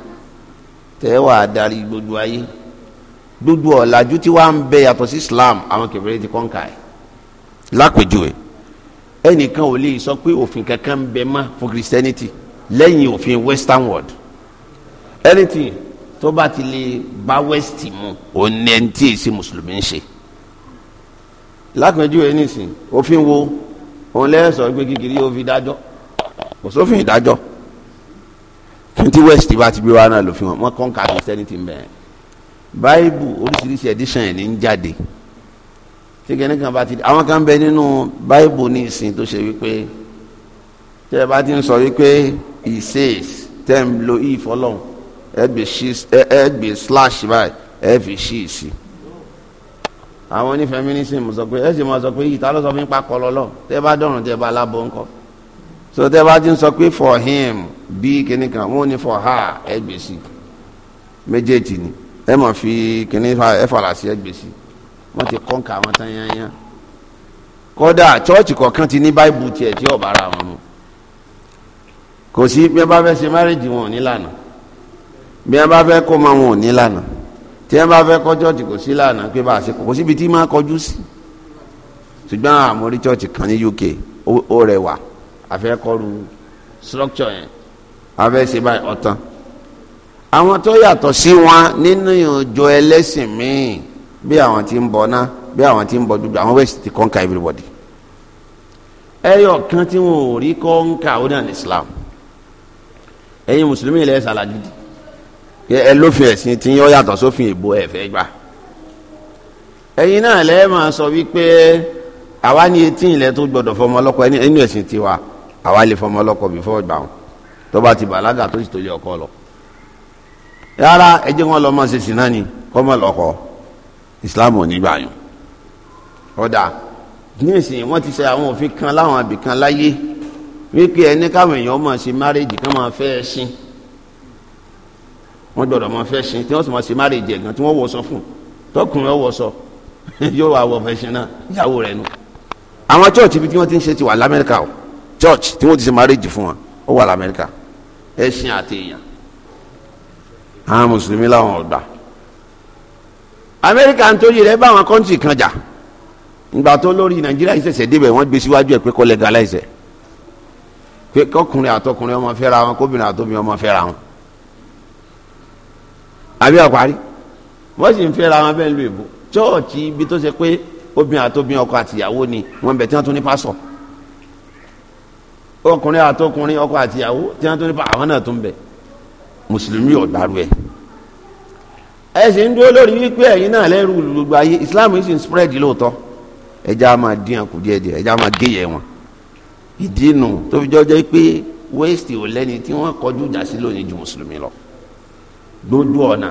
tẹ́ wàá gbogbo ayé gbogbo ọ̀làjú tí wàá ń bẹ yàtọ̀ sí Islam àwọn kèfèrí ti kọ́ńkà ẹ̀ lápèjúwe ẹnìkan ò lè sọ pé òfin kankan ń bẹ mọ́ fún Christianity lẹ́yìn òfin western world anything tó bá ti lè bá west mu òun ni ẹni tí èsì mùsùlùmí ń ṣe lápẹjù ẹni sìn òfin wo òun lẹ́yìn sọ pé kékeré yóò fi dájọ́ kò sófin ìdájọ́ tí west bá ti bí wa náà lòfin wọn kọ́ńkà christianity mẹ́ẹ̀ báìbù oríṣiríṣi edition ẹ̀ ní ń jáde tí kẹ́ni kan bá ti àwọn kan bẹ nínú báìbù ní ìsìn tó ṣe wípé tẹ́ ẹ bá ti ń sọ wípé he says tẹ́ ń lo if ọlọ́run ẹ gbé ẹ slash báyìí ẹ fi si. i sí àwọn onífẹmínísìm sọ pé ẹ sì máa sọ pé ìta ló sọ fún ipa kọ lọlọ tẹ́ bá dọrùn tẹ́ bá lábọ ńkọ so tẹ́ bá ti ń sọ pé for him bí kìnnìkan wọn ò ní for her ẹ gbé sí méjèèjì ni ẹ mọ̀ fi kìnní ẹ fara sí ẹgbèsì wọ́n ti kọ́ńkà àwọn tán yányán kódà chọ́ọ̀chì kọ̀ọ̀kan ti ní báìbù tiẹ̀ tí ọ̀bára wọn mu kò sí bí wọ́n bá fẹ́ ṣe márìjì wọn ò ní lànà bí wọ́n bá fẹ́ kó ma wọn ò ní lànà tí wọ́n bá fẹ́ kọ́ chọ́ọ̀chì kò sí lànà pé bá a ṣe kò síbi tí máa kọjú sí ṣùgbọ́n àmórí chọ́ọ̀chì kan ní UK ó rẹwà àfẹ́kọ́rù structure yẹn afẹ́ ṣe báyìí ọ̀tán àwọn tó yàtọ̀ sí wọn nínú ìjọ ẹlẹ́sìn míì bí àwọn tí ń bọ ná bí àwọn tí ń bọ dúdú àwọn west ti conquer everybody ẹyọ kan tí wọn ò rí kọ́ńkà ó dàn Islam ẹ̀yin mùsùlùmí ilẹ̀ ṣàlàjúdì ẹ lófin ẹ̀sìn tí yọ yàtọ̀ sófin ìbò ẹ̀fẹ́ gbà ẹ̀yin náà lẹ́ẹ̀ máa sọ wípé àwa ní etí ilẹ̀ tó gbọdọ̀ fọmọ ọlọ́kọ ẹnu ẹ̀sìn tiwa àwa lè fọmọ ọlọ́kọ bí fọ́ọ̀ gbà wọn tó bá ti bàlágà tó sì tó lé ọkọ lọ rárá ẹ wọn lọ máa ṣe sìn náà ni kọ́mọ lọ́kọ ìsìláàmù ò ní gbà yàn ọ̀dà ní ìsìn wọn ti ṣe àwọn òfin kan láwọn àbìkan láyé wípé ẹni káwọn èèyàn máa ṣe márèjì kán máa fẹ́ sin wọ́n gbọ́dọ̀ máa fẹ́ sin tí wọ́n sì máa ṣe márèjì ẹ̀gàn tí wọ́n wọ̀ sọ fún tọkùnrin ọwọ́ sọ yóò wá wọ fẹ́sìn náà ìyàwó rẹ̀ nù. àwọn church ibi tí wọ́n ti ń ṣe ti wà lamẹ́ríkà o church tí wọ́n ti ṣe márèjì fún wọn ó wà lamẹ́ríkà ẹ̀sìn àti èèyàn àwọn mùsùlùmí làwọn ọ̀gbà amẹ́ríkà ń tóyè rẹ̀ bá àwọn kọ́ńtì kan jà ìgbà tó lórí nàìjíríà yìí ṣẹ̀ṣẹ̀ débẹ̀ wọ́n gbé síwájú ẹ̀ pé kó legalize pé kọkùnrin àtọkùnrin ọmọ fẹ́ra wọn kóbìnrin àtọbìnrin ọmọ fẹ́ra wọn àbí àparí wọ́n sì ń fẹ́ra wọn bẹ́ẹ̀ ń lu ìbò ibi tó ṣe pé obìnrin àtọbìnrin ọkọ àtìyàwó ni wọn bẹ̀ tí wọ́n tún ní pásọ̀ ọkùnrin àtọkùnrin ọkọ àtìyàwó tí wọ́n tún ní pásọ̀ àwọn náà tún bẹ̀ mùsùlùmí ọ̀dàrú ẹ̀ ẹ sì ń dúró lórí wípé ẹ̀yin náà lẹ́rù gbogbo ayé Islam sì ń spread lóòótọ́ máa ìdí nu tó fi jọjọ pé west ò lẹ́ni tí wọ́n kọjú ìjà sí lónìí ju mùsùlùmí lọ gbójú ọ̀nà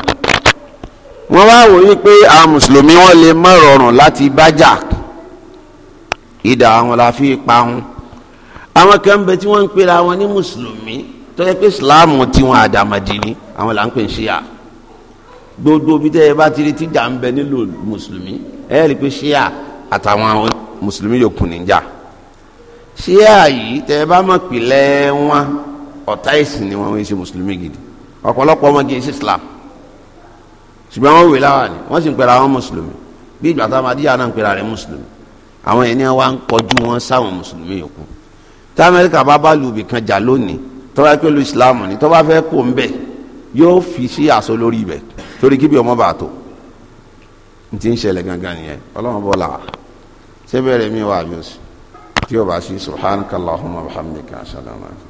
wọ́n wá wò wípé àwọn mùsùlùmí wọ́n lè má rọrùn láti bájà ìdá àwọn la fi pa wọn àwọn kan bẹ tí wọ́n ń pera wọn ní mùsùlùmí tó yẹ pé ìsìláàmù tiwọn àdàmàdì ni àwọn là ń pè ń ṣíà gbogbo bí tẹ́ bá ti rí tíjà ń bẹ nílò mùsùlùmí ẹ pé ṣíà àtàwọn mùsùlùmí yòókù níjà ṣé àyí tẹ ẹ bá mọ̀ pìlẹ̀ wọn ọ̀tá ìsìn ni wọn wọ́n ṣe mùsùlùmí gidi ọ̀pọ̀lọpọ̀ wọn kì í ṣe Islam ṣùgbọ́n wọn wè láwà ni wọ́n sì ń pera àwọn mùsùlùmí bí ìgbà táwọn adíyà náà ń pera rẹ̀ mùsùlùmí àwọn ẹni wa ń kọjú wọn sáwọn mùsùlùmí yòókù tí Amẹ́ríkà bá bá lu ibìkan jà lónìí tó bá pẹ̀lú Islam ni tó bá fẹ́ kó ń bẹ̀ yóò fi sí àṣọ lórí ibẹ̀ torí kí bí ọmọ bá tó n ti ń ṣẹlẹ̀ gangan nìyẹn ọlọ́run bọ́ là wá ṣé bẹ́ẹ̀ rẹ̀ mi wà تيوب يوبعسي سبحانك اللهم وبحمدك أشهد أن لا إله إلا أنت